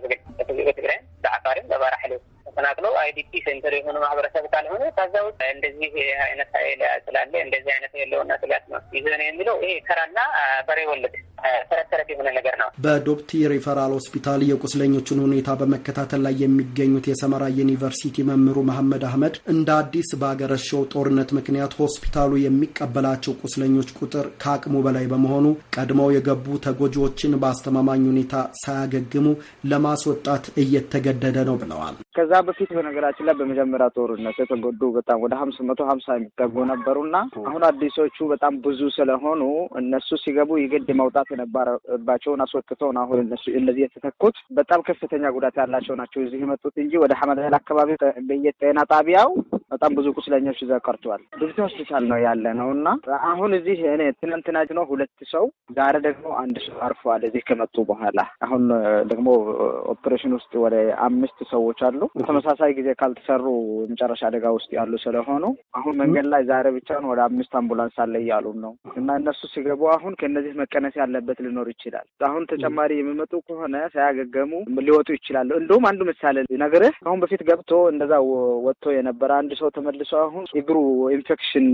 በትግራይም በአፋርም በባህሌ ተፈናቅለው አይዲፒ ሴንተር የሆነ ማህበረሰብ ካልሆነ ከዛ ውጭ እንደዚህ አይነት ሀይል ስላለ እንደዚህ አይነት የለውና ስጋት ነው ይዘን የሚለው ይሄ ከራና በሬ ወለድ ተረት የሆነ ነገር ነው። በዶፕቲ ሪፈራል ሆስፒታል የቁስለኞቹን ሁኔታ በመከታተል ላይ የሚገኙት የሰመራ ዩኒቨርሲቲ መምህሩ መሐመድ አህመድ እንደ አዲስ በአገረሸው ጦርነት ምክንያት ሆስፒታሉ የሚቀበላቸው ቁስለኞች ቁጥር ከአቅሙ በላይ በመሆኑ ቀድመው የገቡ ተጎጂዎችን በአስተማማኝ ሁኔታ ሳያገግሙ ለማስወጣት እየተገደደ ነው ብለዋል። ከዛ ከዛ በፊት በነገራችን ላይ በመጀመሪያ ጦርነት የተጎዱ በጣም ወደ ሀምሳ መቶ ሀምሳ የሚጠጉ ነበሩና አሁን አዲሶቹ በጣም ብዙ ስለሆኑ እነሱ ሲገቡ የግድ መውጣት የነበረባቸውን አስወጥተውን አሁን እነሱ እነዚህ የተተኩት በጣም ከፍተኛ ጉዳት ያላቸው ናቸው እዚህ የመጡት እንጂ ወደ ሐመድል አካባቢ በየጤና ጣቢያው በጣም ብዙ ቁስለኞች ይዘው ቀርተዋል። ብዙ ሆስፒታል ነው ያለ ነው እና አሁን እዚህ እኔ ትናንትና ነው ሁለት ሰው ዛሬ ደግሞ አንድ ሰው አርፈዋል እዚህ ከመጡ በኋላ አሁን ደግሞ ኦፕሬሽን ውስጥ ወደ አምስት ሰዎች አሉ። በተመሳሳይ ጊዜ ካልተሰሩ የመጨረሻ አደጋ ውስጥ ያሉ ስለሆኑ አሁን መንገድ ላይ ዛሬ ብቻን ወደ አምስት አምቡላንስ አለ እያሉም ነው እና እነሱ ሲገቡ አሁን ከእነዚህ መቀነስ ያለበት ሊኖር ይችላል። አሁን ተጨማሪ የሚመጡ ከሆነ ሳያገገሙ ሊወጡ ይችላሉ። እንደውም አንዱ ምሳሌ ነገርህ አሁን በፊት ገብቶ እንደዛ ወጥቶ የነበረ አንድ ሰው ተመልሶ አሁን እግሩ ኢንፌክሽን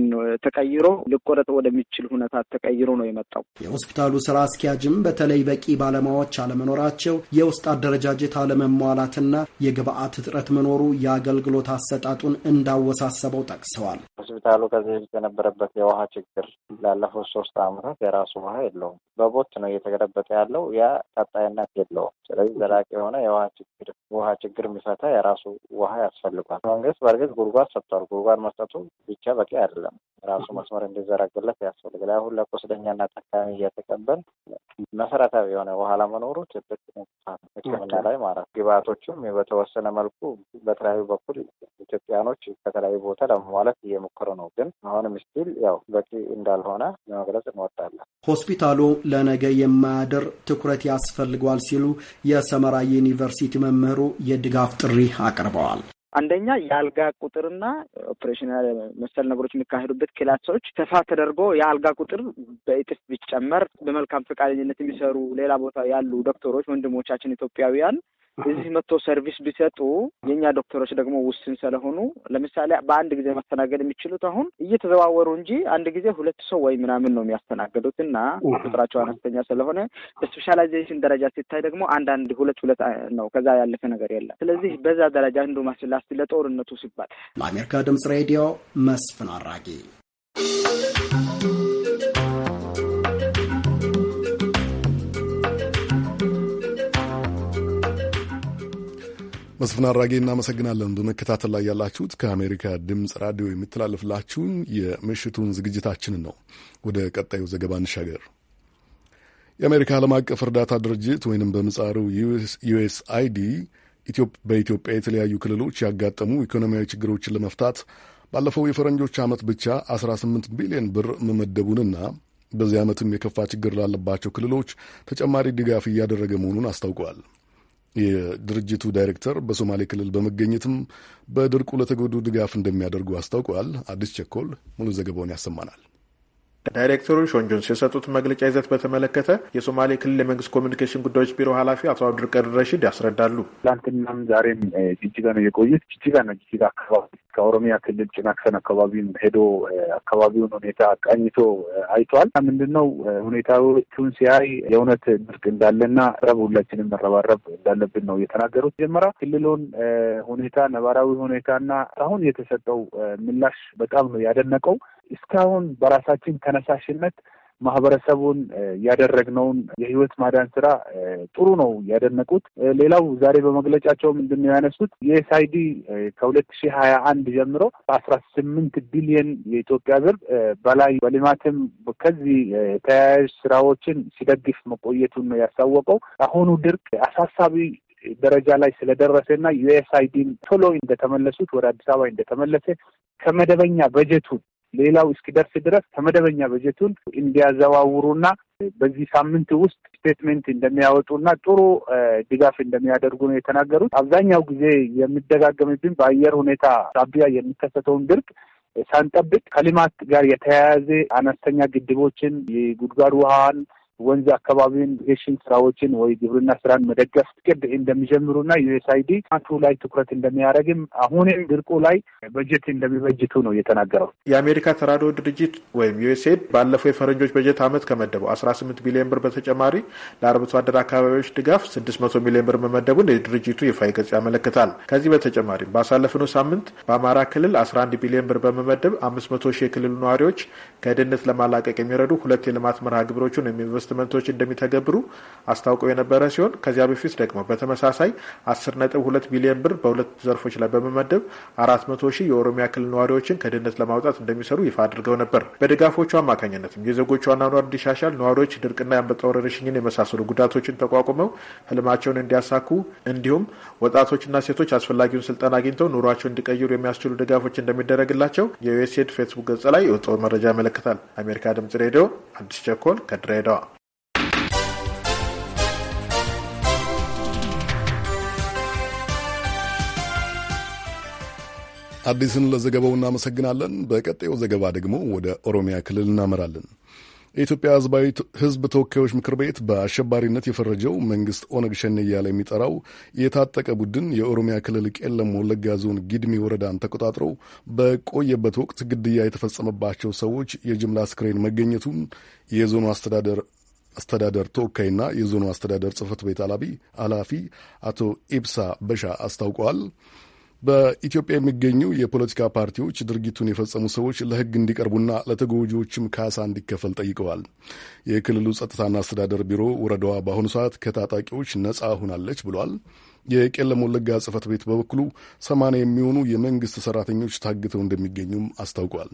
ተቀይሮ ሊቆረጥ ወደሚችል ሁኔታ ተቀይሮ ነው የመጣው። የሆስፒታሉ ስራ አስኪያጅም በተለይ በቂ ባለሙያዎች አለመኖራቸው፣ የውስጥ አደረጃጀት አለመሟላትና የግብአት እጥረት እጥረት መኖሩ የአገልግሎት አሰጣጡን እንዳወሳሰበው ጠቅሰዋል። ሆስፒታሉ ከዚህ በፊት የነበረበት የውሃ ችግር ላለፉት ሶስት ዓመታት የራሱ ውሃ የለውም። በቦት ነው እየተገለበጠ ያለው። ያ ቀጣይነት የለውም። ስለዚህ ዘላቂ የሆነ የውሃ ችግር ውሃ ችግር የሚፈታ የራሱ ውሃ ያስፈልጓል። መንግስት በእርግጥ ጉድጓድ ሰጥቷል። ጉድጓድ መስጠቱ ብቻ በቂ አይደለም። ራሱ መስመር እንዲዘረግለት ያስፈልጋል። አሁን ለቁስለኛና ታካሚ እየተቀበል መሰረታዊ የሆነ በኋላ መኖሩ ትልቅ ሕክምና ላይ ማለት ግብአቶችም በተወሰነ መልኩ በተለያዩ በኩል ኢትዮጵያኖች ከተለያዩ ቦታ ለመሟላት እየሞከሩ ነው። ግን አሁንም ስቲል ያው በቂ እንዳልሆነ ለመግለጽ እንወጣለን። ሆስፒታሉ ለነገ የማያደር ትኩረት ያስፈልገዋል ሲሉ የሰመራ ዩኒቨርሲቲ መምህሩ የድጋፍ ጥሪ አቅርበዋል። አንደኛ የአልጋ ቁጥርና ኦፕሬሽን መሰል ነገሮች የሚካሄዱበት ክላሶች ሰፋ ተደርጎ የአልጋ ቁጥር በእጥፍ ቢጨመር በመልካም ፈቃደኝነት የሚሰሩ ሌላ ቦታ ያሉ ዶክተሮች ወንድሞቻችን ኢትዮጵያውያን እዚህ መጥቶ ሰርቪስ ቢሰጡ የእኛ ዶክተሮች ደግሞ ውስን ስለሆኑ ለምሳሌ በአንድ ጊዜ ማስተናገድ የሚችሉት አሁን እየተዘዋወሩ እንጂ አንድ ጊዜ ሁለት ሰው ወይ ምናምን ነው የሚያስተናግዱት እና ቁጥራቸው አነስተኛ ስለሆነ በስፔሻላይዜሽን ደረጃ ሲታይ ደግሞ አንዳንድ ሁለት ሁለት ነው። ከዛ ያለፈ ነገር የለም። ስለዚህ በዛ ደረጃ እንዱ ማስላስ ለጦርነቱ ሲባል ለአሜሪካ ድምጽ ሬዲዮ መስፍን አራጌ መስፍን አራጌ እናመሰግናለን። በመከታተል ላይ ያላችሁት ከአሜሪካ ድምፅ ራዲዮ የሚተላለፍላችሁን የምሽቱን ዝግጅታችንን ነው። ወደ ቀጣዩ ዘገባ እንሻገር። የአሜሪካ ዓለም አቀፍ እርዳታ ድርጅት ወይንም በምጻሩ ዩኤስ አይዲ በኢትዮጵያ የተለያዩ ክልሎች ያጋጠሙ ኢኮኖሚያዊ ችግሮችን ለመፍታት ባለፈው የፈረንጆች ዓመት ብቻ 18 ቢሊዮን ብር መመደቡንና በዚህ ዓመትም የከፋ ችግር ላለባቸው ክልሎች ተጨማሪ ድጋፍ እያደረገ መሆኑን አስታውቀዋል። የድርጅቱ ዳይሬክተር በሶማሌ ክልል በመገኘትም በድርቁ ለተጎዱ ድጋፍ እንደሚያደርጉ አስታውቀዋል። አዲስ ቸኮል ሙሉ ዘገባውን ያሰማናል። ዳይሬክተሩ ሾንጆንስ የሰጡት መግለጫ ይዘት በተመለከተ የሶማሌ ክልል የመንግስት ኮሚኒኬሽን ጉዳዮች ቢሮ ኃላፊ አቶ አብዱልቀድር ረሺድ ያስረዳሉ። ትላንትናም ዛሬም ጅጅጋ ነው የቆዩት። ጅጅጋ ነው ጅጅጋ አካባቢ ከኦሮሚያ ክልል ጭናክሰን አካባቢም ሄዶ አካባቢውን ሁኔታ ቃኝቶ አይቷል። ምንድን ነው ሁኔታዎቹን ሲያይ የእውነት ድርቅ እንዳለና ረብ ሁላችንም መረባረብ እንዳለብን ነው የተናገሩት። ጀመራ ክልሉን ሁኔታ ነባራዊ ሁኔታና አሁን የተሰጠው ምላሽ በጣም ነው ያደነቀው። እስካሁን በራሳችን ተነሳሽነት ማህበረሰቡን ያደረግነውን የህይወት ማዳን ስራ ጥሩ ነው ያደነቁት። ሌላው ዛሬ በመግለጫቸው ምንድን ነው ያነሱት? የኤስአይዲ ከሁለት ሺህ ሀያ አንድ ጀምሮ በአስራ ስምንት ቢሊየን የኢትዮጵያ ብር በላይ በልማትም ከዚህ ተያያዥ ስራዎችን ሲደግፍ መቆየቱን ነው ያሳወቀው አሁኑ ድርቅ አሳሳቢ ደረጃ ላይ ስለደረሰ እና ዩኤስአይዲን ቶሎ እንደተመለሱት ወደ አዲስ አበባ እንደተመለሰ ከመደበኛ በጀቱ ሌላው እስኪደርስ ድረስ ከመደበኛ በጀቱን እንዲያዘዋውሩና በዚህ ሳምንት ውስጥ ስቴትሜንት እንደሚያወጡና ጥሩ ድጋፍ እንደሚያደርጉ ነው የተናገሩት። አብዛኛው ጊዜ የሚደጋገምብን በአየር ሁኔታ ሳቢያ የሚከሰተውን ድርቅ ሳንጠብቅ ከልማት ጋር የተያያዘ አነስተኛ ግድቦችን የጉድጓድ ውሃን ወንዝ አካባቢን ኢሪጌሽን ስራዎችን ወይ ግብርና ስራን መደገፍ ቅድ እንደሚጀምሩና ዩኤስአይዲ አቱ ላይ ትኩረት እንደሚያደርግም አሁንም ድርቁ ላይ በጀት እንደሚበጅቱ ነው የተናገረው። የአሜሪካ ተራድኦ ድርጅት ወይም ዩኤስኤድ ባለፈው የፈረንጆች በጀት አመት ከመደበው አስራ ስምንት ቢሊዮን ብር በተጨማሪ ለአርብቶ አደር አካባቢዎች ድጋፍ ስድስት መቶ ሚሊዮን ብር መመደቡን የድርጅቱ ይፋ ገጽ ያመለክታል። ከዚህ በተጨማሪም ባሳለፍነው ሳምንት በአማራ ክልል አስራ አንድ ቢሊዮን ብር በመመደብ አምስት መቶ ሺህ የክልሉ ነዋሪዎች ከድህነት ለማላቀቅ የሚረዱ ሁለት የልማት መርሃ ግብሮቹን የሚንቨስ ኢንቨስትመንቶች እንደሚተገብሩ አስታውቀው የነበረ ሲሆን ከዚያ በፊት ደግሞ በተመሳሳይ አስር ነጥብ ሁለት ቢሊዮን ብር በሁለት ዘርፎች ላይ በመመደብ አራት መቶ ሺህ የኦሮሚያ ክልል ነዋሪዎችን ከድህነት ለማውጣት እንደሚሰሩ ይፋ አድርገው ነበር። በድጋፎቹ አማካኝነትም የዜጎቹ አኗኗር እንዲሻሻል ነዋሪዎች ድርቅና የአንበጣ ወረርሽኝን የመሳሰሉ ጉዳቶችን ተቋቁመው ህልማቸውን እንዲያሳኩ እንዲሁም ወጣቶችና ሴቶች አስፈላጊውን ስልጠና አግኝተው ኑሯቸውን እንዲቀይሩ የሚያስችሉ ድጋፎች እንደሚደረግላቸው የዩኤስኤድ ፌስቡክ ገጽ ላይ የወጣው መረጃ ያመለክታል። አሜሪካ ድምጽ ሬዲዮ አዲስ ቸኮል ከድሬዳዋ አዲስን ለዘገባው እናመሰግናለን። በቀጣዩ ዘገባ ደግሞ ወደ ኦሮሚያ ክልል እናመራለን። የኢትዮጵያ ህዝባዊ ህዝብ ተወካዮች ምክር ቤት በአሸባሪነት የፈረጀው መንግስት ኦነግ ሸኔ እያለ የሚጠራው የታጠቀ ቡድን የኦሮሚያ ክልል ቄለም ወለጋ ዞን ጊድሚ ወረዳን ተቆጣጥሮ በቆየበት ወቅት ግድያ የተፈጸመባቸው ሰዎች የጅምላ አስክሬን መገኘቱን የዞኑ አስተዳደር አስተዳደር ተወካይና የዞኑ አስተዳደር ጽህፈት ቤት ኃላፊ አቶ ኢብሳ በሻ አስታውቀዋል። በኢትዮጵያ የሚገኙ የፖለቲካ ፓርቲዎች ድርጊቱን የፈጸሙ ሰዎች ለሕግ እንዲቀርቡና ለተጎጂዎችም ካሳ እንዲከፈል ጠይቀዋል። የክልሉ ጸጥታና አስተዳደር ቢሮ ወረዳዋ በአሁኑ ሰዓት ከታጣቂዎች ነጻ ሆናለች ብሏል። የቄለም ወለጋ ጽህፈት ቤት በበኩሉ ሰማንያ የሚሆኑ የመንግስት ሰራተኞች ታግተው እንደሚገኙም አስታውቋል።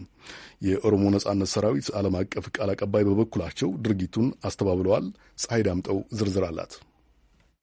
የኦሮሞ ነጻነት ሰራዊት ዓለም አቀፍ ቃል አቀባይ በበኩላቸው ድርጊቱን አስተባብለዋል። ፀሐይ ዳምጠው ዝርዝር አላት።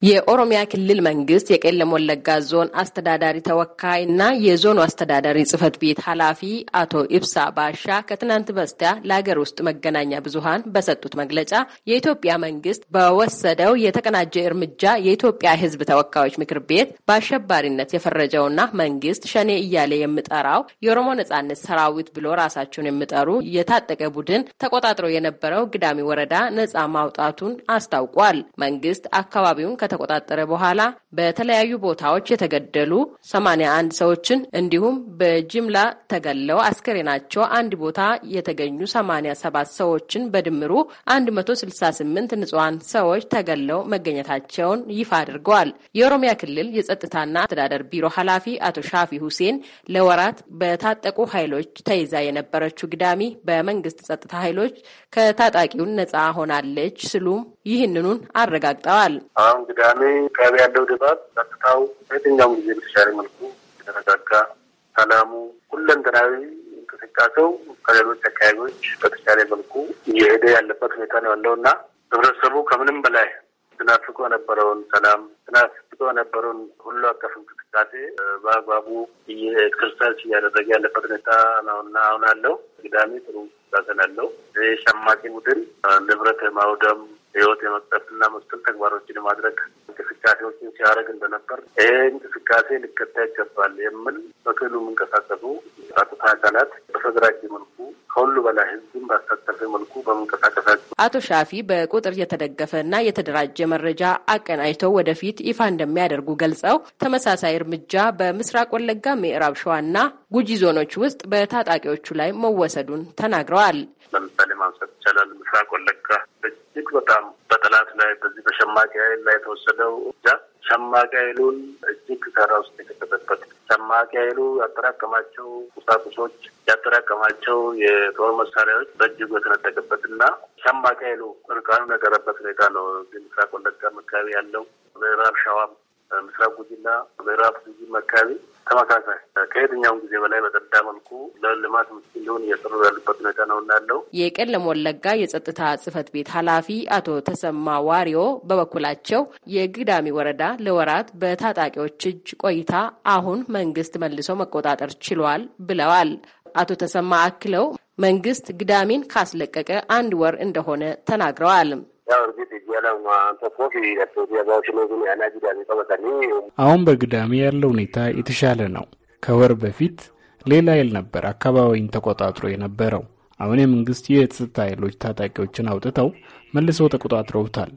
የኦሮሚያ ክልል መንግስት የቄለም ወለጋ ዞን አስተዳዳሪ ተወካይ እና የዞኑ አስተዳዳሪ ጽህፈት ቤት ኃላፊ አቶ ኢብሳ ባሻ ከትናንት በስቲያ ለሀገር ውስጥ መገናኛ ብዙሃን በሰጡት መግለጫ የኢትዮጵያ መንግስት በወሰደው የተቀናጀ እርምጃ የኢትዮጵያ ህዝብ ተወካዮች ምክር ቤት በአሸባሪነት የፈረጀውና መንግስት ሸኔ እያለ የሚጠራው የኦሮሞ ነጻነት ሰራዊት ብሎ ራሳቸውን የሚጠሩ የታጠቀ ቡድን ተቆጣጥሮ የነበረው ግዳሚ ወረዳ ነጻ ማውጣቱን አስታውቋል። መንግስት አካባቢውን ከተቆጣጠረ በኋላ በተለያዩ ቦታዎች የተገደሉ ሰማንያ ሰዎችን እንዲሁም በጅምላ ተገለው አስከሬናቸው አንድ ቦታ የተገኙ 87 ሰዎችን በድምሩ 168 መቶ ንጹሐን ሰዎች ተገለው መገኘታቸውን ይፋ አድርገዋል። የኦሮሚያ ክልል የጸጥታና አስተዳደር ቢሮ ኃላፊ አቶ ሻፊ ሁሴን ለወራት በታጠቁ ኃይሎች ተይዛ የነበረችው ግዳሚ በመንግስት ጸጥታ ኃይሎች ከታጣቂውን ነጻ ሆናለች ስሉም ይህንኑን አረጋግጠዋል። አሁን ቅዳሜ ቀቢ ያለው ድባብ ጸጥታው በየትኛውም ጊዜ በተሻለ መልኩ የተረጋጋ ሰላሙ ሁለንተናዊ እንቅስቃሴው ከሌሎች አካባቢዎች በተሻለ መልኩ እየሄደ ያለበት ሁኔታ ነው ያለው እና ህብረተሰቡ ከምንም በላይ ትናፍቆ የነበረውን ሰላም ተናፍቆ የነበረውን ሁሉ አቀፍ እንቅስቃሴ በአግባቡ ኤክሰርሳይዝ እያደረገ ያለበት ሁኔታ ነው እና አሁን አለው ቅዳሜ ጥሩ እንቅስቃሴ አለው ሸማቂ ቡድን ንብረት ማውደም ህይወት የመቅጠፍና መሰል ተግባሮችን የማድረግ እንቅስቃሴዎችን ሲያደርግ እንደነበር ይህ እንቅስቃሴ ሊቀጣ ይገባል የሚል በክልሉ የሚንቀሳቀሱ ጸጥታ አካላት በተደራጀ መልኩ ከሁሉ በላይ ህዝብን ባሳተፈ መልኩ በመንቀሳቀሳቸው አቶ ሻፊ በቁጥር የተደገፈና የተደራጀ መረጃ አቀናጅተው ወደፊት ይፋ እንደሚያደርጉ ገልጸው ተመሳሳይ እርምጃ በምስራቅ ወለጋ፣ ምዕራብ ሸዋ ና ጉጂ ዞኖች ውስጥ በታጣቂዎቹ ላይ መወሰዱን ተናግረዋል። ለምሳሌ ማንሳት ይቻላል። ምስራቅ ወለጋ እጅግ በጣም በጠላት ላይ በዚህ በሸማቂ ኃይል ላይ የተወሰደው እጃ ሸማቂ ኃይሉን እጅግ ሰራ ውስጥ የከተተበት ሸማቂ ኃይሉ ያጠራቀማቸው ቁሳቁሶች፣ ያጠራቀማቸው የጦር መሳሪያዎች በእጅጉ የተነጠቀበት እና ሸማቂ ኃይሉ እርቃኑን ያቀረበት ሁኔታ ነው። ምስራቅ ወለጋም አካባቢ ያለው ምዕራብ ሸዋም ምስራቅ ጉጂና ምዕራብ ጉጂም አካባቢ ተመሳሳይ ከየትኛውም ጊዜ በላይ በጠዳ መልኩ ለልማት ምስ ሊሆን እየሰሩ ያሉበት ሁኔታ ነው እናለው። የቄለም ወለጋ የጸጥታ ጽህፈት ቤት ኃላፊ አቶ ተሰማ ዋሪዮ በበኩላቸው የግዳሚ ወረዳ ለወራት በታጣቂዎች እጅ ቆይታ አሁን መንግስት መልሶ መቆጣጠር ችሏል ብለዋል። አቶ ተሰማ አክለው መንግስት ግዳሚን ካስለቀቀ አንድ ወር እንደሆነ ተናግረዋል። አሁን በግዳሜ ያለው ሁኔታ የተሻለ ነው። ከወር በፊት ሌላ ኃይል ነበር አካባቢውን ተቆጣጥሮ የነበረው። አሁን የመንግስት የጸጥታ ኃይሎች ታጣቂዎችን አውጥተው መልሰው ተቆጣጥረውታል።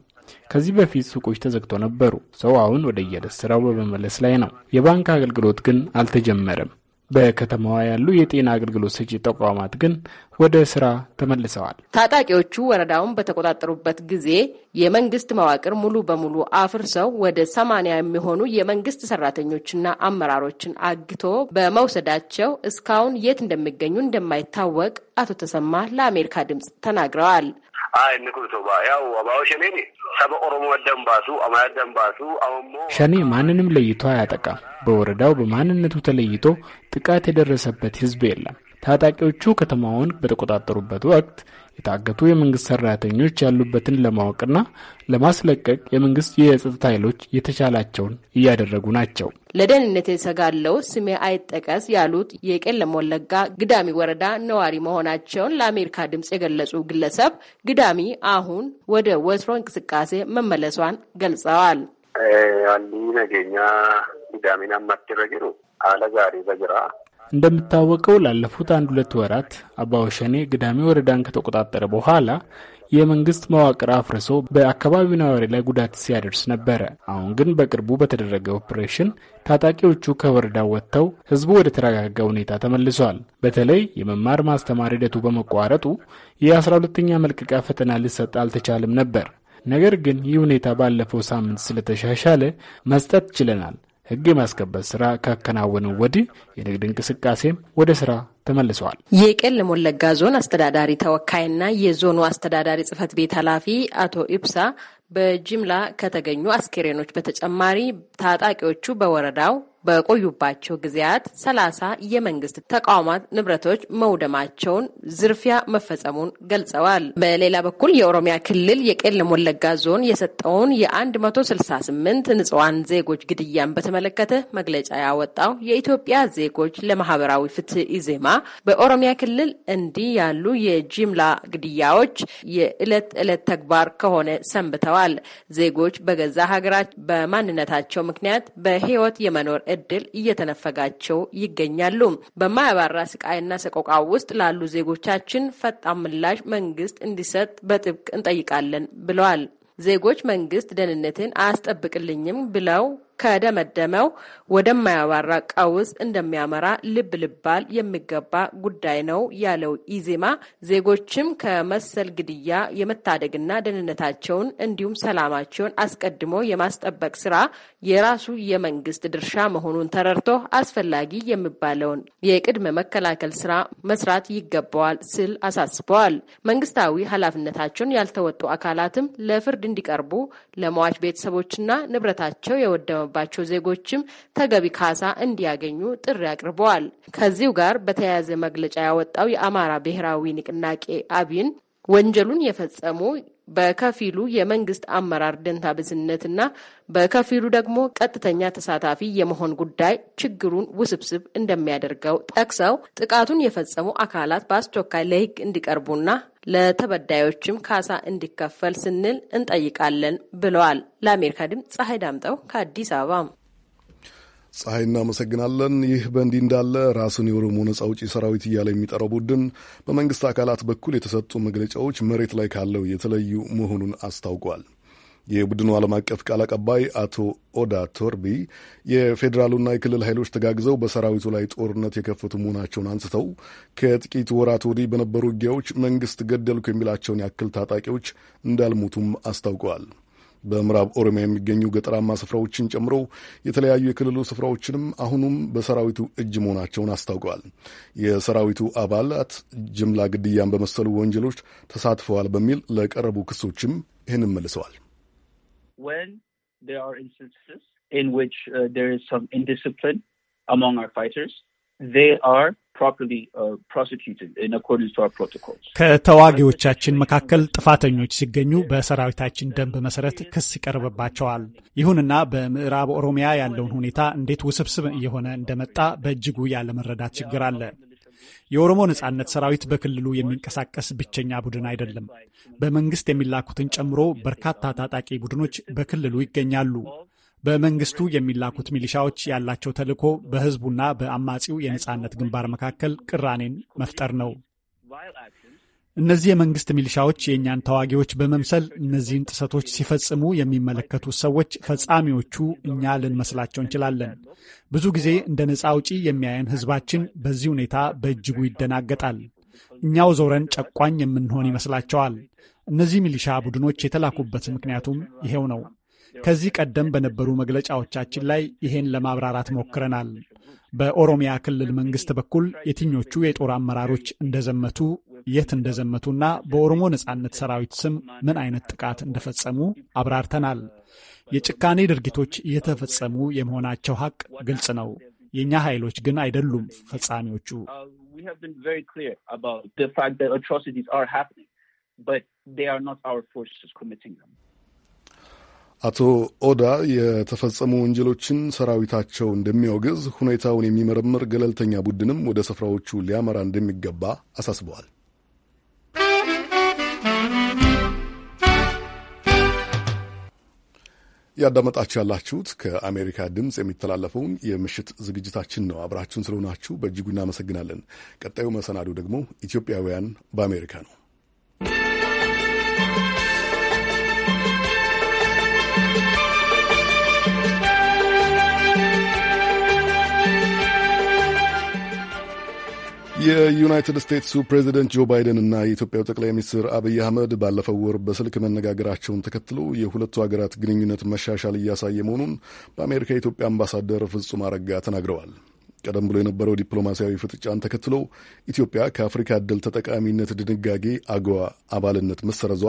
ከዚህ በፊት ሱቆች ተዘግቶ ነበሩ። ሰው አሁን ወደ የዕለት ስራው በመመለስ ላይ ነው። የባንክ አገልግሎት ግን አልተጀመረም። በከተማዋ ያሉ የጤና አገልግሎት ሰጪ ተቋማት ግን ወደ ስራ ተመልሰዋል። ታጣቂዎቹ ወረዳውን በተቆጣጠሩበት ጊዜ የመንግስት መዋቅር ሙሉ በሙሉ አፍርሰው ወደ ሰማንያ የሚሆኑ የመንግስት ሰራተኞችና አመራሮችን አግቶ በመውሰዳቸው እስካሁን የት እንደሚገኙ እንደማይታወቅ አቶ ተሰማ ለአሜሪካ ድምፅ ተናግረዋል። ሸኔ ማንንም ለይቶ አያጠቃም። በወረዳው በማንነቱ ተለይቶ ጥቃት የደረሰበት ህዝብ የለም። ታጣቂዎቹ ከተማውን በተቆጣጠሩበት ወቅት የታገቱ የመንግስት ሰራተኞች ያሉበትን ለማወቅና ለማስለቀቅ የመንግስት የጸጥታ ኃይሎች የተቻላቸውን እያደረጉ ናቸው። ለደህንነት የሰጋለው ስሜ አይጠቀስ ያሉት የቄለም ወለጋ ግዳሚ ወረዳ ነዋሪ መሆናቸውን ለአሜሪካ ድምፅ የገለጹ ግለሰብ ግዳሚ አሁን ወደ ወትሮ እንቅስቃሴ መመለሷን ገልጸዋል። አሊ ነገኛ ግዳሚና ማደረግ ነው እንደምታወቀው ላለፉት አንድ ሁለት ወራት አባወሸኔ ግዳሜ ወረዳን ከተቆጣጠረ በኋላ የመንግስት መዋቅር አፍርሶ በአካባቢው ነዋሪ ላይ ጉዳት ሲያደርስ ነበረ። አሁን ግን በቅርቡ በተደረገ ኦፕሬሽን ታጣቂዎቹ ከወረዳው ወጥተው ህዝቡ ወደ ተረጋጋ ሁኔታ ተመልሷል። በተለይ የመማር ማስተማር ሂደቱ በመቋረጡ የ12ኛ መልቀቂያ ፈተና ሊሰጥ አልተቻለም ነበር። ነገር ግን ይህ ሁኔታ ባለፈው ሳምንት ስለተሻሻለ መስጠት ችለናል። ህግ የማስከበር ስራ ካከናወኑ ወዲህ የንግድ እንቅስቃሴም ወደ ስራ ተመልሰዋል። የቄለም ወለጋ ዞን አስተዳዳሪ ተወካይና የዞኑ አስተዳዳሪ ጽህፈት ቤት ኃላፊ አቶ ኢብሳ በጅምላ ከተገኙ አስክሬኖች በተጨማሪ ታጣቂዎቹ በወረዳው በቆዩባቸው ጊዜያት ሰላሳ የመንግስት ተቋማት ንብረቶች መውደማቸውን፣ ዝርፊያ መፈጸሙን ገልጸዋል። በሌላ በኩል የኦሮሚያ ክልል የቄለም ወለጋ ዞን የሰጠውን የ168 ንጽዋን ዜጎች ግድያን በተመለከተ መግለጫ ያወጣው የኢትዮጵያ ዜጎች ለማህበራዊ ፍትህ ኢዜማ በኦሮሚያ ክልል እንዲህ ያሉ የጅምላ ግድያዎች የዕለት ዕለት ተግባር ከሆነ ሰንብተዋል። ዜጎች በገዛ ሀገራቸው በማንነታቸው ምክንያት በህይወት የመኖር እድል እየተነፈጋቸው ይገኛሉ። በማያባራ ስቃይና ሰቆቃ ውስጥ ላሉ ዜጎቻችን ፈጣን ምላሽ መንግስት እንዲሰጥ በጥብቅ እንጠይቃለን ብለዋል። ዜጎች መንግስት ደህንነትን አያስጠብቅልኝም ብለው ከደመደመው ወደማያባራ ቀውስ እንደሚያመራ ልብ ልባል የሚገባ ጉዳይ ነው ያለው ኢዜማ ዜጎችም ከመሰል ግድያ የመታደግና ደህንነታቸውን እንዲሁም ሰላማቸውን አስቀድሞ የማስጠበቅ ስራ የራሱ የመንግስት ድርሻ መሆኑን ተረድቶ አስፈላጊ የሚባለውን የቅድመ መከላከል ስራ መስራት ይገባዋል ስል አሳስበዋል። መንግስታዊ ኃላፊነታቸውን ያልተወጡ አካላትም ለፍርድ እንዲቀርቡ ለሟች ቤተሰቦችና ንብረታቸው የወደመ የደረሰባቸው ዜጎችም ተገቢ ካሳ እንዲያገኙ ጥሪ አቅርበዋል። ከዚሁ ጋር በተያያዘ መግለጫ ያወጣው የአማራ ብሔራዊ ንቅናቄ አብን ወንጀሉን የፈጸሙ በከፊሉ የመንግስት አመራር ደንታ ብዝነትና በከፊሉ ደግሞ ቀጥተኛ ተሳታፊ የመሆን ጉዳይ ችግሩን ውስብስብ እንደሚያደርገው ጠቅሰው ጥቃቱን የፈጸሙ አካላት በአስቸኳይ ለሕግ እንዲቀርቡና ለተበዳዮችም ካሳ እንዲከፈል ስንል እንጠይቃለን ብለዋል። ለአሜሪካ ድምፅ ፀሐይ ዳምጠው ከአዲስ አበባ። ፀሐይ እናመሰግናለን። ይህ በእንዲህ እንዳለ ራሱን የኦሮሞ ነጻ አውጪ ሰራዊት እያለ የሚጠራው ቡድን በመንግስት አካላት በኩል የተሰጡ መግለጫዎች መሬት ላይ ካለው የተለዩ መሆኑን አስታውቋል። የቡድኑ ዓለም አቀፍ ቃል አቀባይ አቶ ኦዳ ቶርቢ የፌዴራሉና የክልል ኃይሎች ተጋግዘው በሰራዊቱ ላይ ጦርነት የከፈቱ መሆናቸውን አንስተው ከጥቂት ወራት ወዲህ በነበሩ ውጊያዎች መንግስት ገደልኩ የሚላቸውን ያክል ታጣቂዎች እንዳልሞቱም አስታውቀዋል። በምዕራብ ኦሮሚያ የሚገኙ ገጠራማ ስፍራዎችን ጨምሮ የተለያዩ የክልሉ ስፍራዎችንም አሁኑም በሰራዊቱ እጅ መሆናቸውን አስታውቀዋል። የሰራዊቱ አባላት ጅምላ ግድያን በመሰሉ ወንጀሎች ተሳትፈዋል በሚል ለቀረቡ ክሶችም ይህንም መልሰዋል። when there are instances in which uh, there is some indiscipline among our fighters, they are properly uh, prosecuted in accordance to our protocols. ከተዋጊዎቻችን መካከል ጥፋተኞች ሲገኙ በሰራዊታችን ደንብ መሰረት ክስ ይቀርብባቸዋል። ይሁንና በምዕራብ ኦሮሚያ ያለውን ሁኔታ እንዴት ውስብስብ እየሆነ እንደመጣ በእጅጉ ያለመረዳት ችግር አለ። የኦሮሞ ነጻነት ሰራዊት በክልሉ የሚንቀሳቀስ ብቸኛ ቡድን አይደለም። በመንግስት የሚላኩትን ጨምሮ በርካታ ታጣቂ ቡድኖች በክልሉ ይገኛሉ። በመንግስቱ የሚላኩት ሚሊሻዎች ያላቸው ተልዕኮ በህዝቡና በአማጺው የነጻነት ግንባር መካከል ቅራኔን መፍጠር ነው። እነዚህ የመንግስት ሚሊሻዎች የእኛን ተዋጊዎች በመምሰል እነዚህን ጥሰቶች ሲፈጽሙ የሚመለከቱ ሰዎች ፈጻሚዎቹ እኛ ልንመስላቸው እንችላለን። ብዙ ጊዜ እንደ ነፃ አውጪ የሚያየን ህዝባችን በዚህ ሁኔታ በእጅጉ ይደናገጣል። እኛው ዞረን ጨቋኝ የምንሆን ይመስላቸዋል። እነዚህ ሚሊሻ ቡድኖች የተላኩበት ምክንያቱም ይሄው ነው። ከዚህ ቀደም በነበሩ መግለጫዎቻችን ላይ ይሄን ለማብራራት ሞክረናል። በኦሮሚያ ክልል መንግስት በኩል የትኞቹ የጦር አመራሮች እንደዘመቱ የት እንደዘመቱና በኦሮሞ ነጻነት ሰራዊት ስም ምን አይነት ጥቃት እንደፈጸሙ አብራርተናል። የጭካኔ ድርጊቶች እየተፈጸሙ የመሆናቸው ሀቅ ግልጽ ነው። የእኛ ኃይሎች ግን አይደሉም ፈጻሚዎቹ። አቶ ኦዳ የተፈጸሙ ወንጀሎችን ሰራዊታቸው እንደሚያወግዝ፣ ሁኔታውን የሚመረምር ገለልተኛ ቡድንም ወደ ስፍራዎቹ ሊያመራ እንደሚገባ አሳስበዋል። ያዳመጣችሁ ያላችሁት ከአሜሪካ ድምፅ የሚተላለፈውን የምሽት ዝግጅታችን ነው። አብራችሁን ስለሆናችሁ በእጅጉ እናመሰግናለን። ቀጣዩ መሰናዶ ደግሞ ኢትዮጵያውያን በአሜሪካ ነው። የዩናይትድ ስቴትሱ ፕሬዚደንት ጆ ባይደን እና የኢትዮጵያው ጠቅላይ ሚኒስትር አብይ አህመድ ባለፈው ወር በስልክ መነጋገራቸውን ተከትሎ የሁለቱ ሀገራት ግንኙነት መሻሻል እያሳየ መሆኑን በአሜሪካ የኢትዮጵያ አምባሳደር ፍጹም አረጋ ተናግረዋል። ቀደም ብሎ የነበረው ዲፕሎማሲያዊ ፍጥጫን ተከትሎ ኢትዮጵያ ከአፍሪካ እድል ተጠቃሚነት ድንጋጌ አገዋ አባልነት መሰረዟ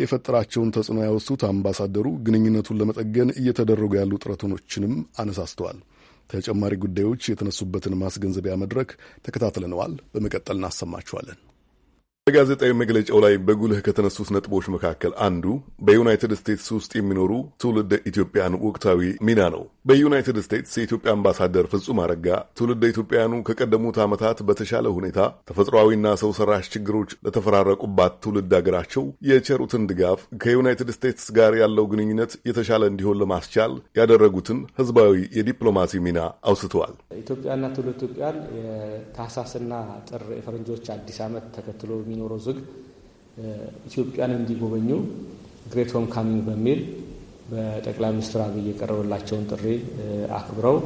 የፈጠራቸውን ተጽዕኖ ያወሱት አምባሳደሩ ግንኙነቱን ለመጠገን እየተደረጉ ያሉ ጥረቶችንም አነሳስተዋል። ተጨማሪ ጉዳዮች የተነሱበትን ማስገንዘቢያ መድረክ ተከታትለነዋል። በመቀጠል እናሰማችኋለን። በጋዜጣዊ መግለጫው ላይ በጉልህ ከተነሱት ነጥቦች መካከል አንዱ በዩናይትድ ስቴትስ ውስጥ የሚኖሩ ትውልደ ኢትዮጵያን ወቅታዊ ሚና ነው። በዩናይትድ ስቴትስ የኢትዮጵያ አምባሳደር ፍጹም አረጋ ትውልደ ኢትዮጵያውያኑ ከቀደሙት ዓመታት በተሻለ ሁኔታ ተፈጥሯዊና ሰው ሰራሽ ችግሮች ለተፈራረቁባት ትውልድ ሀገራቸው የቸሩትን ድጋፍ፣ ከዩናይትድ ስቴትስ ጋር ያለው ግንኙነት የተሻለ እንዲሆን ለማስቻል ያደረጉትን ህዝባዊ የዲፕሎማሲ ሚና አውስተዋል። ኢትዮጵያና ትውልድ ኢትዮጵያን የታህሳስና ጥር የፈረንጆች አዲስ ዓመት ተከትሎ የሚኖረው ዝግ ኢትዮጵያን እንዲጎበኙ ግሬት ሆም ካሚንግ በሚል በጠቅላይ ሚኒስትር አብይ የቀረበላቸውን ጥሪ አክብረው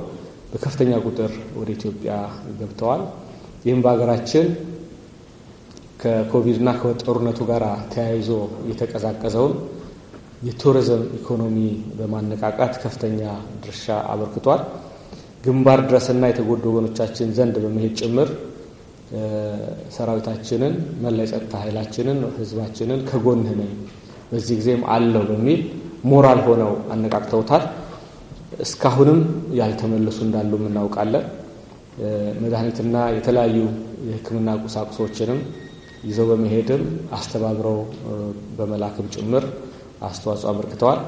በከፍተኛ ቁጥር ወደ ኢትዮጵያ ገብተዋል። ይህም በሀገራችን ከኮቪድና ከጦርነቱ ጋር ተያይዞ የተቀዛቀዘውን የቱሪዝም ኢኮኖሚ በማነቃቃት ከፍተኛ ድርሻ አበርክቷል። ግንባር ድረስና የተጎዱ ወገኖቻችን ዘንድ በመሄድ ጭምር ሰራዊታችንን መላ የጸጥታ ኃይላችንን ህዝባችንን ከጎንህ ነኝ በዚህ ጊዜም አለው በሚል ሞራል ሆነው አነቃቅተውታል። እስካሁንም ያልተመለሱ እንዳሉ እናውቃለን። መድኃኒትና የተለያዩ የሕክምና ቁሳቁሶችንም ይዘው በመሄድም አስተባብረው በመላክም ጭምር አስተዋጽኦ አበርክተዋል።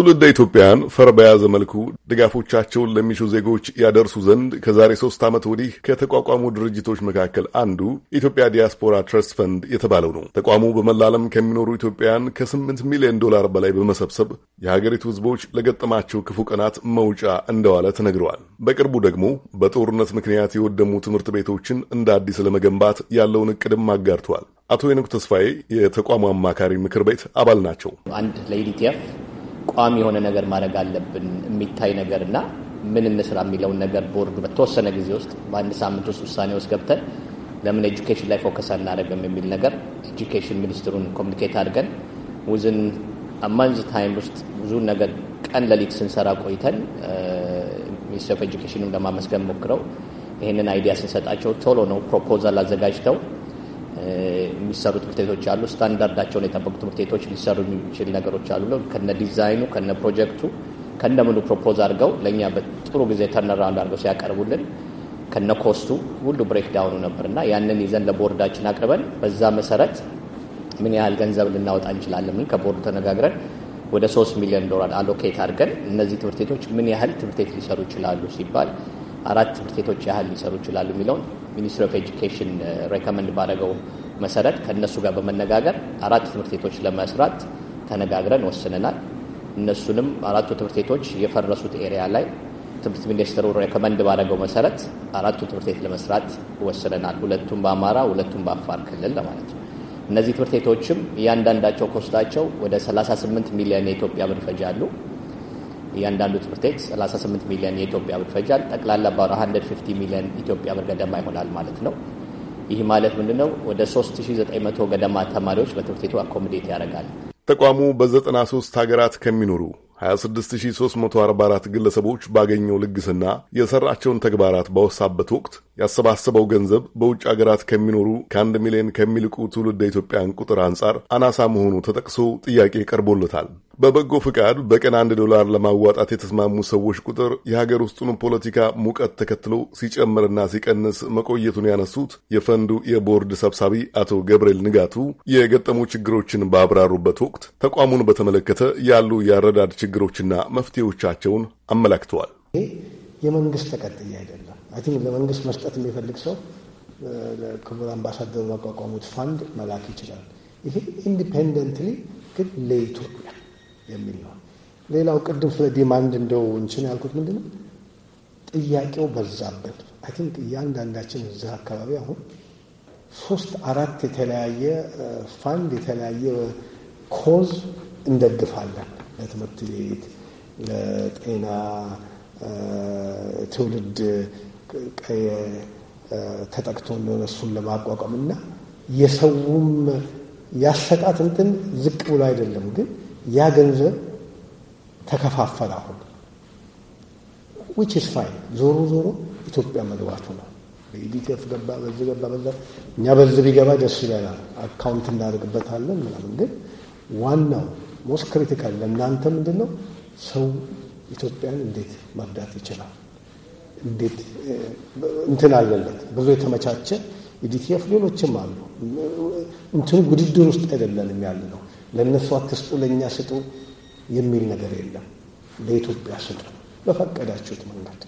ትውልደ ኢትዮጵያውያን ፈር በያዘ መልኩ ድጋፎቻቸውን ለሚሹ ዜጎች ያደርሱ ዘንድ ከዛሬ ሶስት ዓመት ወዲህ ከተቋቋሙ ድርጅቶች መካከል አንዱ ኢትዮጵያ ዲያስፖራ ትረስት ፈንድ የተባለው ነው። ተቋሙ በመላ ዓለም ከሚኖሩ ኢትዮጵያውያን ከስምንት ሚሊዮን ዶላር በላይ በመሰብሰብ የሀገሪቱ ሕዝቦች ለገጠማቸው ክፉ ቀናት መውጫ እንደዋለ ተነግረዋል። በቅርቡ ደግሞ በጦርነት ምክንያት የወደሙ ትምህርት ቤቶችን እንደ አዲስ ለመገንባት ያለውን እቅድም አጋርተዋል። አቶ የንኩ ተስፋዬ የተቋሙ አማካሪ ምክር ቤት አባል ናቸው። አንድ ለኢዲቲኤፍ ቋሚ የሆነ ነገር ማድረግ አለብን የሚታይ ነገር እና ምን እንስራ የሚለውን ነገር ቦርዱ በተወሰነ ጊዜ ውስጥ በአንድ ሳምንት ውስጥ ውሳኔ ውስጥ ገብተን ለምን ኤጁኬሽን ላይ ፎከስ አናደርግም የሚል ነገር ኤጁኬሽን ሚኒስትሩን ኮሚኒኬት አድርገን ውዝን አማንዝ ታይም ውስጥ ብዙ ነገር ቀን ለሊት ስንሰራ ቆይተን ሚኒስትር ኦፍ ኤጁኬሽንም ለማመስገን ሞክረው ይህንን አይዲያ ስንሰጣቸው ቶሎ ነው ፕሮፖዛል አዘጋጅተው የሚሰሩ ትምህርት ቤቶች አሉ። ስታንዳርዳቸውን የጠበቁ ትምህርት ቤቶች ሊሰሩ የሚችል ነገሮች አሉ። ከነ ዲዛይኑ ከነ ፕሮጀክቱ ከነ ምኑ ፕሮፖዝ አድርገው ለእኛ በጥሩ ጊዜ ተርነራውንድ አድርገው ሲያቀርቡልን ከነ ኮስቱ ሁሉ ብሬክ ዳውኑ ነበር እና ያንን ይዘን ለቦርዳችን አቅርበን በዛ መሰረት ምን ያህል ገንዘብ ልናወጣ እንችላለን? ምን ከቦርዱ ተነጋግረን ወደ ሶስት ሚሊዮን ዶላር አሎኬት አድርገን እነዚህ ትምህርት ቤቶች ምን ያህል ትምህርት ቤት ሊሰሩ ይችላሉ ሲባል አራት ትምህርት ቤቶች ያህል ሊሰሩ ይችላሉ የሚለውን ሚኒስትሪ ኦፍ ኤጁኬሽን ሬኮመንድ ባደረገው መሰረት ከእነሱ ጋር በመነጋገር አራት ትምህርት ቤቶች ለመስራት ተነጋግረን ወስነናል። እነሱንም አራቱ ትምህርት ቤቶች የፈረሱት ኤሪያ ላይ ትምህርት ሚኒስትሩ ሬኮመንድ ባደረገው መሰረት አራቱ ትምህርት ቤት ለመስራት ወስነናል። ሁለቱም በአማራ ሁለቱም በአፋር ክልል ለማለት ነው። እነዚህ ትምህርት ቤቶችም እያንዳንዳቸው ኮስታቸው ወደ 38 ሚሊዮን የኢትዮጵያ ብር አሉ። እያንዳንዱ ትምህርት ቤት 38 ሚሊዮን የኢትዮጵያ ብር ፈጃል። ጠቅላላ በ150 ሚሊዮን ኢትዮጵያ ብር ገደማ ይሆናል ማለት ነው። ይህ ማለት ምንድነው? ወደ 3900 ገደማ ተማሪዎች በትምህርት ቤቱ አኮሞዴት ያደርጋል። ተቋሙ በ93 ሀገራት ከሚኖሩ 26344 ግለሰቦች ባገኘው ልግስና የሰራቸውን ተግባራት ባወሳበት ወቅት ያሰባሰበው ገንዘብ በውጭ ሀገራት ከሚኖሩ ከአንድ ሚሊዮን ከሚልቁ ትውልደ ኢትዮጵያን ቁጥር አንጻር አናሳ መሆኑ ተጠቅሶ ጥያቄ ቀርቦለታል። በበጎ ፍቃድ በቀን አንድ ዶላር ለማዋጣት የተስማሙ ሰዎች ቁጥር የሀገር ውስጡን ፖለቲካ ሙቀት ተከትሎ ሲጨምርና ሲቀንስ መቆየቱን ያነሱት የፈንዱ የቦርድ ሰብሳቢ አቶ ገብርኤል ንጋቱ የገጠሙ ችግሮችን ባብራሩበት ወቅት ተቋሙን በተመለከተ ያሉ የአረዳድ ችግሮችና መፍትሄዎቻቸውን አመላክተዋል። የመንግስት ተቀጥያ አይደለም። አይ ቲንክ ለመንግስት መስጠት የሚፈልግ ሰው ክቡር አምባሳደሩ ያቋቋሙት ፋንድ መላክ ይችላል። ይሄ ኢንዲፔንደንትሊ ግን ለኢትዮጵያ የሚል ነው። ሌላው ቅድም ስለ ዲማንድ እንደው እንችን ያልኩት ምንድን ነው ጥያቄው በዛብን። አይ ቲንክ እያንዳንዳችን እዚህ አካባቢ አሁን ሶስት አራት የተለያየ ፋንድ የተለያየ ኮዝ እንደግፋለን። ለትምህርት ቤት፣ ለጤና፣ ትውልድ ቀየ ተጠቅቶ እንደሆነ እሱን ለማቋቋም እና የሰውም ያሰጣት እንትን ዝቅ ብሎ አይደለም ግን ያ ገንዘብ ተከፋፈለ። አሁን ዊች ኢዝ ፋይን። ዞሮ ዞሮ ኢትዮጵያ መግባቱ ነው። በኢዲቲኤፍ ገባ፣ በዚህ ገባ፣ በዛ እኛ በዚህ ቢገባ ደስ ይለናል፣ አካውንት እናደርግበታለን ምናምን። ግን ዋናው ሞስት ክሪቲካል ለእናንተ ምንድን ነው? ሰው ኢትዮጵያን እንዴት መርዳት ይችላል? እንዴት እንትን አለለት ብዙ የተመቻቸ ኢዲቲኤፍ ሌሎችም አሉ። እንትን ውድድር ውስጥ አይደለንም ያለ ነው ለእነሱ አትስጡ ለእኛ ስጡ የሚል ነገር የለም። ለኢትዮጵያ ስጡ በፈቀዳችሁት መንገድ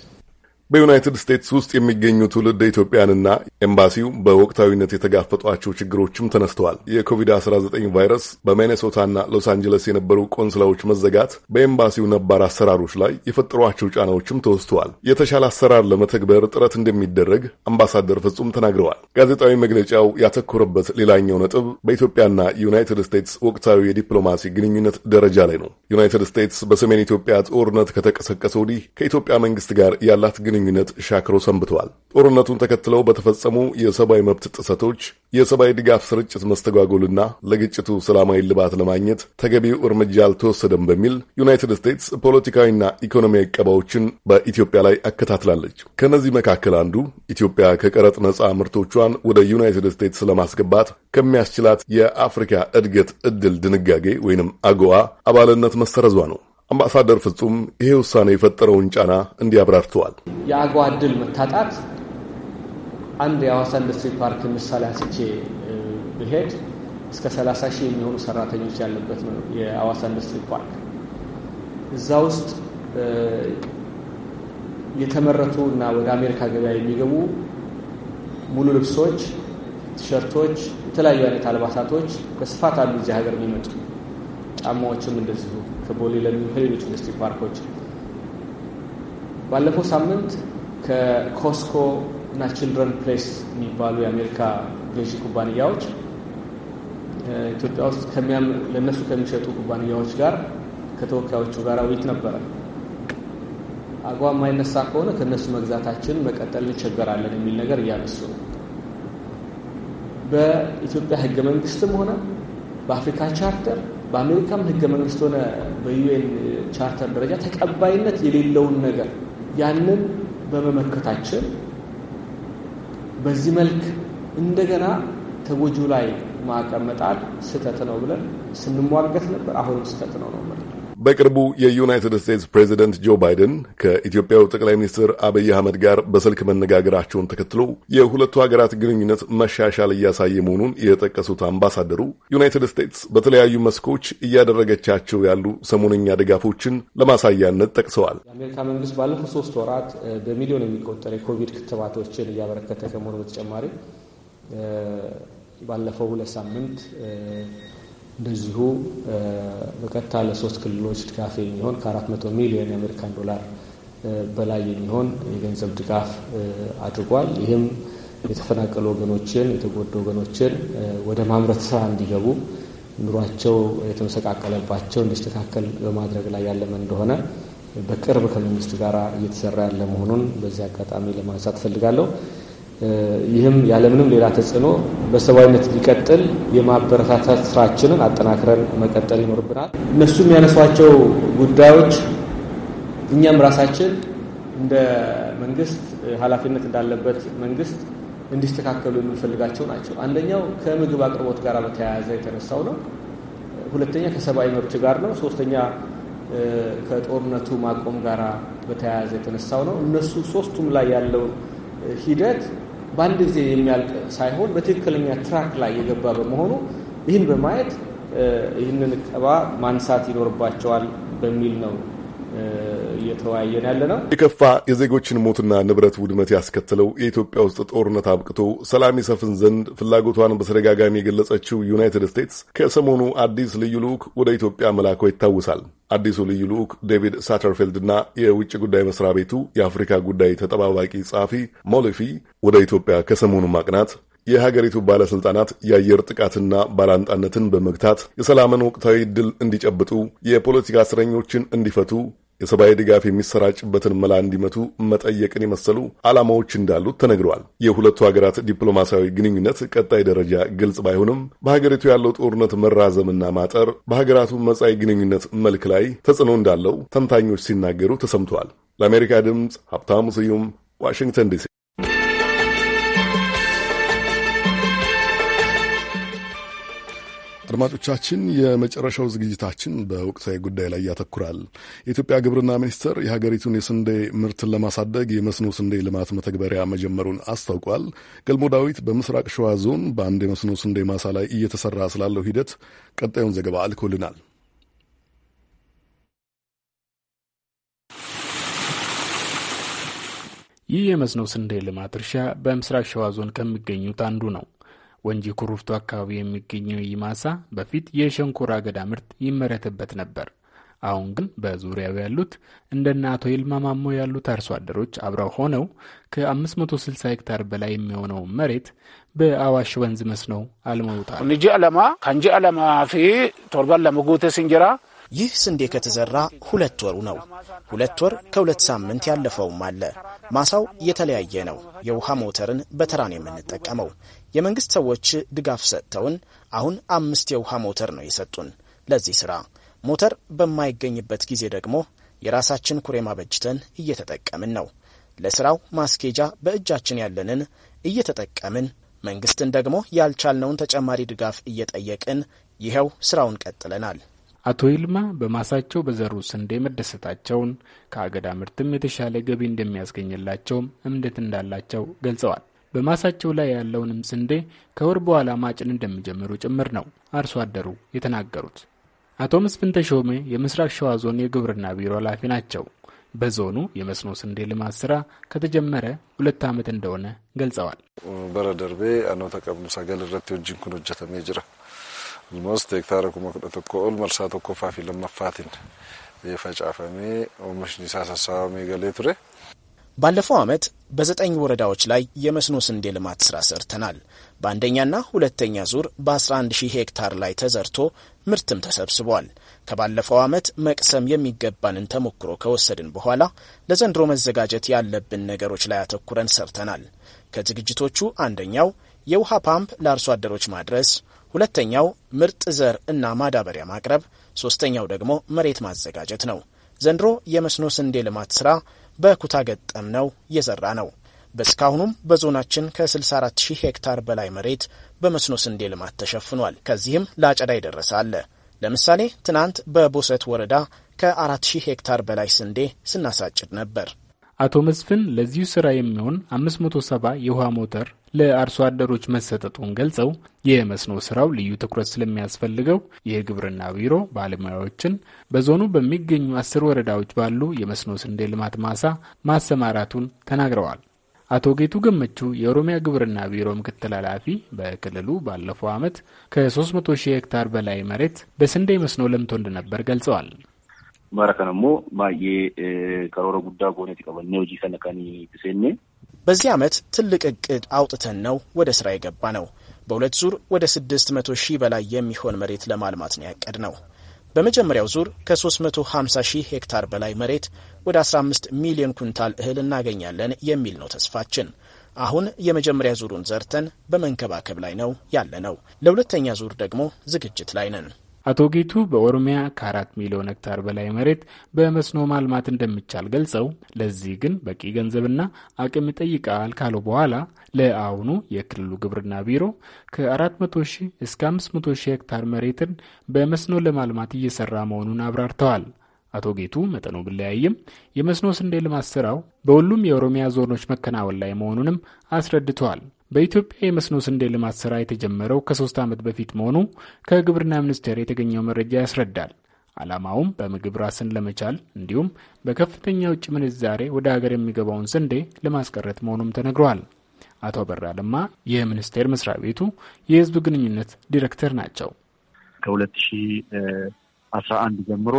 በዩናይትድ ስቴትስ ውስጥ የሚገኙ ትውልድ ኢትዮጵያንና ኤምባሲው በወቅታዊነት የተጋፈጧቸው ችግሮችም ተነስተዋል። የኮቪድ-19 ቫይረስ በሚኔሶታና ሎስ አንጀለስ የነበሩ ቆንስላዎች መዘጋት በኤምባሲው ነባር አሰራሮች ላይ የፈጠሯቸው ጫናዎችም ተወስተዋል። የተሻለ አሰራር ለመተግበር ጥረት እንደሚደረግ አምባሳደር ፍጹም ተናግረዋል። ጋዜጣዊ መግለጫው ያተኮረበት ሌላኛው ነጥብ በኢትዮጵያና ዩናይትድ ስቴትስ ወቅታዊ የዲፕሎማሲ ግንኙነት ደረጃ ላይ ነው። ዩናይትድ ስቴትስ በሰሜን ኢትዮጵያ ጦርነት ከተቀሰቀሰ ወዲህ ከኢትዮጵያ መንግስት ጋር ያላት ግንኙነት ግንኙነት ሻክሮ ሰንብተዋል። ጦርነቱን ተከትለው በተፈጸሙ የሰብአዊ መብት ጥሰቶች፣ የሰብአዊ ድጋፍ ስርጭት መስተጓጎልና ለግጭቱ ሰላማዊ ልባት ለማግኘት ተገቢው እርምጃ አልተወሰደም በሚል ዩናይትድ ስቴትስ ፖለቲካዊና ኢኮኖሚያዊ ቀባዎችን በኢትዮጵያ ላይ አከታትላለች። ከእነዚህ መካከል አንዱ ኢትዮጵያ ከቀረጥ ነፃ ምርቶቿን ወደ ዩናይትድ ስቴትስ ለማስገባት ከሚያስችላት የአፍሪካ እድገት እድል ድንጋጌ ወይንም አጎዋ አባልነት መሰረዟ ነው። አምባሳደር ፍጹም ይሄ ውሳኔ የፈጠረውን ጫና እንዲያብራርተዋል። አብራርተዋል። የአገዋ መታጣት አንድ የአዋሳ ኢንዱስትሪ ፓርክ ምሳሌ አንስቼ ብሄድ እስከ 30 ሺህ የሚሆኑ ሰራተኞች ያለበት ነው የአዋሳ ኢንዱስትሪ ፓርክ። እዛ ውስጥ የተመረቱ እና ወደ አሜሪካ ገበያ የሚገቡ ሙሉ ልብሶች፣ ቲሸርቶች፣ የተለያዩ አይነት አልባሳቶች በስፋት አሉ እዚህ ሀገር የሚመጡ ጫማዎችም እንደዚሁ ከቦሌ ለሚ ከሌሎች ኢንዱስትሪ ፓርኮች ባለፈው ሳምንት ከኮስኮ እና ችልድረን ፕሌስ የሚባሉ የአሜሪካ ገዢ ኩባንያዎች ኢትዮጵያ ውስጥ ለእነሱ ከሚሸጡ ኩባንያዎች ጋር ከተወካዮቹ ጋር ውይይት ነበረ። አቋም የማይነሳ ከሆነ ከእነሱ መግዛታችን መቀጠል እንቸገራለን የሚል ነገር እያነሱ ነው። በኢትዮጵያ ሕገ መንግስትም ሆነ በአፍሪካ ቻርተር በአሜሪካም ህገ መንግስት ሆነ በዩኤን ቻርተር ደረጃ ተቀባይነት የሌለውን ነገር ያንን በመመከታችን በዚህ መልክ እንደገና ተጎጂው ላይ ማዕቀብ መጣል ስህተት ነው ብለን ስንሟገት ነበር። አሁንም ስህተት ነው ነው በቅርቡ የዩናይትድ ስቴትስ ፕሬዚደንት ጆ ባይደን ከኢትዮጵያው ጠቅላይ ሚኒስትር አብይ አህመድ ጋር በስልክ መነጋገራቸውን ተከትሎ የሁለቱ ሀገራት ግንኙነት መሻሻል እያሳየ መሆኑን የጠቀሱት አምባሳደሩ ዩናይትድ ስቴትስ በተለያዩ መስኮች እያደረገቻቸው ያሉ ሰሞነኛ ድጋፎችን ለማሳያነት ጠቅሰዋል። የአሜሪካ መንግስት ባለፉት ሶስት ወራት በሚሊዮን የሚቆጠር የኮቪድ ክትባቶችን እያበረከተ ከመሆኑ በተጨማሪ ባለፈው ሁለት ሳምንት እንደዚሁ በቀጥታ ለሶስት ክልሎች ድጋፍ የሚሆን ከ400 ሚሊዮን የአሜሪካን ዶላር በላይ የሚሆን የገንዘብ ድጋፍ አድርጓል። ይህም የተፈናቀሉ ወገኖችን የተጎዱ ወገኖችን ወደ ማምረት ስራ እንዲገቡ ኑሯቸው የተመሰቃቀለባቸው እንዲስተካከል በማድረግ ላይ ያለመ እንደሆነ በቅርብ ከመንግስት ጋር እየተሰራ ያለ መሆኑን በዚህ አጋጣሚ ለማንሳት እፈልጋለሁ። ይህም ያለምንም ሌላ ተጽዕኖ በሰብአዊነት ሊቀጥል የማበረታታት ስራችንን አጠናክረን መቀጠል ይኖርብናል። እነሱ የሚያነሷቸው ጉዳዮች እኛም ራሳችን እንደ መንግስት ኃላፊነት እንዳለበት መንግስት እንዲስተካከሉ የምንፈልጋቸው ናቸው። አንደኛው ከምግብ አቅርቦት ጋር በተያያዘ የተነሳው ነው። ሁለተኛ ከሰብአዊ መብት ጋር ነው። ሶስተኛ ከጦርነቱ ማቆም ጋር በተያያዘ የተነሳው ነው። እነሱ ሶስቱም ላይ ያለው ሂደት በአንድ ጊዜ የሚያልቅ ሳይሆን በትክክለኛ ትራክ ላይ የገባ በመሆኑ ይህን በማየት ይህንን እቀባ ማንሳት ይኖርባቸዋል በሚል ነው እየተወያየን ያለ ነው። የከፋ የዜጎችን ሞትና ንብረት ውድመት ያስከተለው የኢትዮጵያ ውስጥ ጦርነት አብቅቶ ሰላም ይሰፍን ዘንድ ፍላጎቷን በተደጋጋሚ የገለጸችው ዩናይትድ ስቴትስ ከሰሞኑ አዲስ ልዩ ልዑክ ወደ ኢትዮጵያ መላኳ ይታወሳል። አዲሱ ልዩ ልዑክ ዴቪድ ሳተርፊልድና የውጭ ጉዳይ መስሪያ ቤቱ የአፍሪካ ጉዳይ ተጠባባቂ ጸሐፊ ሞሊፊ ወደ ኢትዮጵያ ከሰሞኑ ማቅናት የሀገሪቱ ባለስልጣናት የአየር ጥቃትና ባላንጣነትን በመግታት የሰላምን ወቅታዊ ድል እንዲጨብጡ፣ የፖለቲካ እስረኞችን እንዲፈቱ፣ የሰብአዊ ድጋፍ የሚሰራጭበትን መላ እንዲመቱ መጠየቅን የመሰሉ ዓላማዎች እንዳሉት ተነግረዋል። የሁለቱ ሀገራት ዲፕሎማሲያዊ ግንኙነት ቀጣይ ደረጃ ግልጽ ባይሆንም በሀገሪቱ ያለው ጦርነት መራዘምና ማጠር በሀገራቱ መጻኢ ግንኙነት መልክ ላይ ተጽዕኖ እንዳለው ተንታኞች ሲናገሩ ተሰምተዋል። ለአሜሪካ ድምፅ ሀብታሙ ስዩም ዋሽንግተን ዲሲ አድማጮቻችን፣ የመጨረሻው ዝግጅታችን በወቅታዊ ጉዳይ ላይ ያተኩራል። የኢትዮጵያ ግብርና ሚኒስቴር የሀገሪቱን የስንዴ ምርትን ለማሳደግ የመስኖ ስንዴ ልማት መተግበሪያ መጀመሩን አስታውቋል። ገልሞ ዳዊት በምስራቅ ሸዋ ዞን በአንድ የመስኖ ስንዴ ማሳ ላይ እየተሰራ ስላለው ሂደት ቀጣዩን ዘገባ አልኮልናል። ይህ የመስኖ ስንዴ ልማት እርሻ በምስራቅ ሸዋ ዞን ከሚገኙት አንዱ ነው። ወንጂ ኩሩፍቱ አካባቢ የሚገኘው ይህ ማሳ በፊት የሸንኮራ አገዳ ምርት ይመረትበት ነበር። አሁን ግን በዙሪያው ያሉት እንደነ አቶ ይልማ ማሞ ያሉት አርሶ አደሮች አብረው ሆነው ከ560 ሄክታር በላይ የሚሆነው መሬት በአዋሽ ወንዝ መስኖ አልመውታል። ንጂ አለማ ከንጂ አለማ ፊ ቶርባን ለመጉተ ስንጀራ ይህ ስንዴ ከተዘራ ሁለት ወሩ ነው። ሁለት ወር ከሁለት ሳምንት ያለፈውም አለ። ማሳው የተለያየ ነው። የውሃ ሞተርን በተራን የምንጠቀመው የመንግስት ሰዎች ድጋፍ ሰጥተውን አሁን አምስት የውሃ ሞተር ነው የሰጡን ለዚህ ስራ። ሞተር በማይገኝበት ጊዜ ደግሞ የራሳችን ኩሬማ በጅተን እየተጠቀምን ነው። ለስራው ማስኬጃ በእጃችን ያለንን እየተጠቀምን መንግስትን ደግሞ ያልቻልነውን ተጨማሪ ድጋፍ እየጠየቅን ይኸው ስራውን ቀጥለናል። አቶ ይልማ በማሳቸው በዘሩ ስንዴ መደሰታቸውን ከአገዳ ምርትም የተሻለ ገቢ እንደሚያስገኝላቸውም እምነት እንዳላቸው ገልጸዋል። በማሳቸው ላይ ያለውንም ስንዴ ከወር በኋላ ማጭን እንደሚጀምሩ ጭምር ነው አርሶ አደሩ የተናገሩት። አቶ መስፍን ተሾመ የምስራቅ ሸዋ ዞን የግብርና ቢሮ ኃላፊ ናቸው። በዞኑ የመስኖ ስንዴ ልማት ስራ ከተጀመረ ሁለት ዓመት እንደሆነ ገልጸዋል። በረደርቤ አኖ ተቀብኑ ሰገል ረቴ ወጂን ኩን ጅራ Moos hektaara kuma kudha tokko ol marsaa tokkoffaa fi lammaffaatiin facaafamee oomishni isaa sassaabamee galee ባለፈው ዓመት በዘጠኝ ወረዳዎች ላይ የመስኖ ስንዴ ልማት ስራ ሰርተናል። በአንደኛና ሁለተኛ ዙር በ11 ሺህ ሄክታር ላይ ተዘርቶ ምርትም ተሰብስቧል። ከባለፈው ዓመት መቅሰም የሚገባንን ተሞክሮ ከወሰድን በኋላ ለዘንድሮ መዘጋጀት ያለብን ነገሮች ላይ አተኩረን ሰርተናል። ከዝግጅቶቹ አንደኛው የውሃ ፓምፕ ለአርሶ አደሮች ማድረስ ሁለተኛው ምርጥ ዘር እና ማዳበሪያ ማቅረብ፣ ሶስተኛው ደግሞ መሬት ማዘጋጀት ነው። ዘንድሮ የመስኖ ስንዴ ልማት ስራ በኩታ ገጠም ነው የዘራ ነው። በእስካሁኑም በዞናችን ከ64 ሺህ ሄክታር በላይ መሬት በመስኖ ስንዴ ልማት ተሸፍኗል። ከዚህም ለአጨዳ የደረሰ አለ። ለምሳሌ ትናንት በቦሰት ወረዳ ከ4000 ሄክታር በላይ ስንዴ ስናሳጭድ ነበር። አቶ መስፍን ለዚሁ ስራ የሚሆን 570 የውሃ ሞተር ለአርሶ አደሮች መሰጠቱን ገልጸው የመስኖ ስራው ልዩ ትኩረት ስለሚያስፈልገው የግብርና ቢሮ ባለሙያዎችን በዞኑ በሚገኙ አስር ወረዳዎች ባሉ የመስኖ ስንዴ ልማት ማሳ ማሰማራቱን ተናግረዋል። አቶ ጌቱ ገመቹ የኦሮሚያ ግብርና ቢሮ ምክትል ኃላፊ በክልሉ ባለፈው ዓመት ከ300 ሺህ ሄክታር በላይ መሬት በስንዴ መስኖ ለምቶ እንደነበር ገልጸዋል። Mara kanammoo baay'ee eh, karoora guddaa goonetti qabannee hojii kana kan biseenne. በዚህ ዓመት ትልቅ እቅድ አውጥተን ነው ወደ ስራ የገባ ነው። በሁለት ዙር ወደ 600 ሺህ በላይ የሚሆን መሬት ለማልማት ነው ያቀድ ነው። በመጀመሪያው ዙር ከ350 ሺህ ሄክታር በላይ መሬት ወደ 15 ሚሊዮን ኩንታል እህል እናገኛለን የሚል ነው ተስፋችን። አሁን የመጀመሪያ ዙሩን ዘርተን በመንከባከብ ላይ ነው ያለ ነው። ለሁለተኛ ዙር ደግሞ ዝግጅት ላይ ነን። አቶ ጌቱ በኦሮሚያ ከአራት ሚሊዮን ሄክታር በላይ መሬት በመስኖ ማልማት እንደሚቻል ገልጸው ለዚህ ግን በቂ ገንዘብና አቅም ይጠይቃል ካለው በኋላ ለአሁኑ የክልሉ ግብርና ቢሮ ከ400 ሺህ እስከ 500 ሺህ ሄክታር መሬትን በመስኖ ለማልማት እየሰራ መሆኑን አብራርተዋል። አቶ ጌቱ መጠኑ ብለያይም የመስኖ ስንዴ ልማት ስራው በሁሉም የኦሮሚያ ዞኖች መከናወን ላይ መሆኑንም አስረድተዋል። በኢትዮጵያ የመስኖ ስንዴ ልማት ስራ የተጀመረው ከሶስት ዓመት በፊት መሆኑ ከግብርና ሚኒስቴር የተገኘው መረጃ ያስረዳል። ዓላማውም በምግብ ራስን ለመቻል እንዲሁም በከፍተኛ ውጭ ምንዛሬ ወደ ሀገር የሚገባውን ስንዴ ለማስቀረት መሆኑም ተነግረዋል። አቶ በራ ለማ የሚኒስቴር መስሪያ ቤቱ የህዝብ ግንኙነት ዲሬክተር ናቸው። ከሁለት ሺህ አስራ አንድ ጀምሮ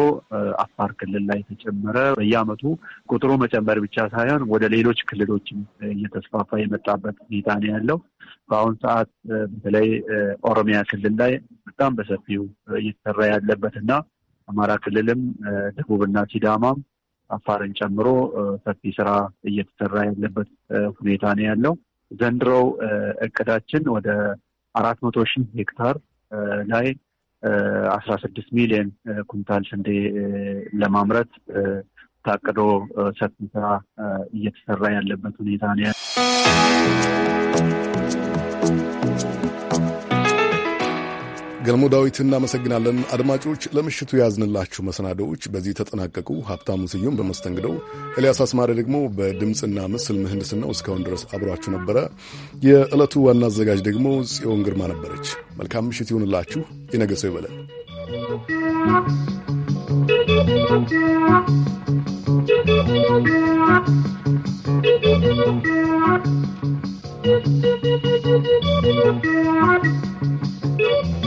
አፋር ክልል ላይ ተጨመረ። በየአመቱ ቁጥሩ መጨመር ብቻ ሳይሆን ወደ ሌሎች ክልሎችም እየተስፋፋ የመጣበት ሁኔታ ነው ያለው። በአሁኑ ሰዓት በተለይ ኦሮሚያ ክልል ላይ በጣም በሰፊው እየተሰራ ያለበት እና አማራ ክልልም ደቡብና ሲዳማም አፋርን ጨምሮ ሰፊ ስራ እየተሰራ ያለበት ሁኔታ ነው ያለው። ዘንድሮው እቅዳችን ወደ አራት መቶ ሺህ ሄክታር ላይ አስራ ስድስት ሚሊዮን ኩንታል ስንዴ ለማምረት ታቅዶ ሰፊ ስራ እየተሰራ ያለበት ሁኔታ ነው። ገልሞ ዳዊት እናመሰግናለን። አድማጮች ለምሽቱ ያዝንላችሁ መሰናዶዎች በዚህ ተጠናቀቁ። ሀብታሙ ስዩም በመስተንግደው፣ ኤልያስ አስማሪ ደግሞ በድምፅና ምስል ምህንድስናው እስካሁን ድረስ አብሯችሁ ነበረ። የዕለቱ ዋና አዘጋጅ ደግሞ ጽዮን ግርማ ነበረች። መልካም ምሽት ይሁንላችሁ። የነገ ሰው ይበለን።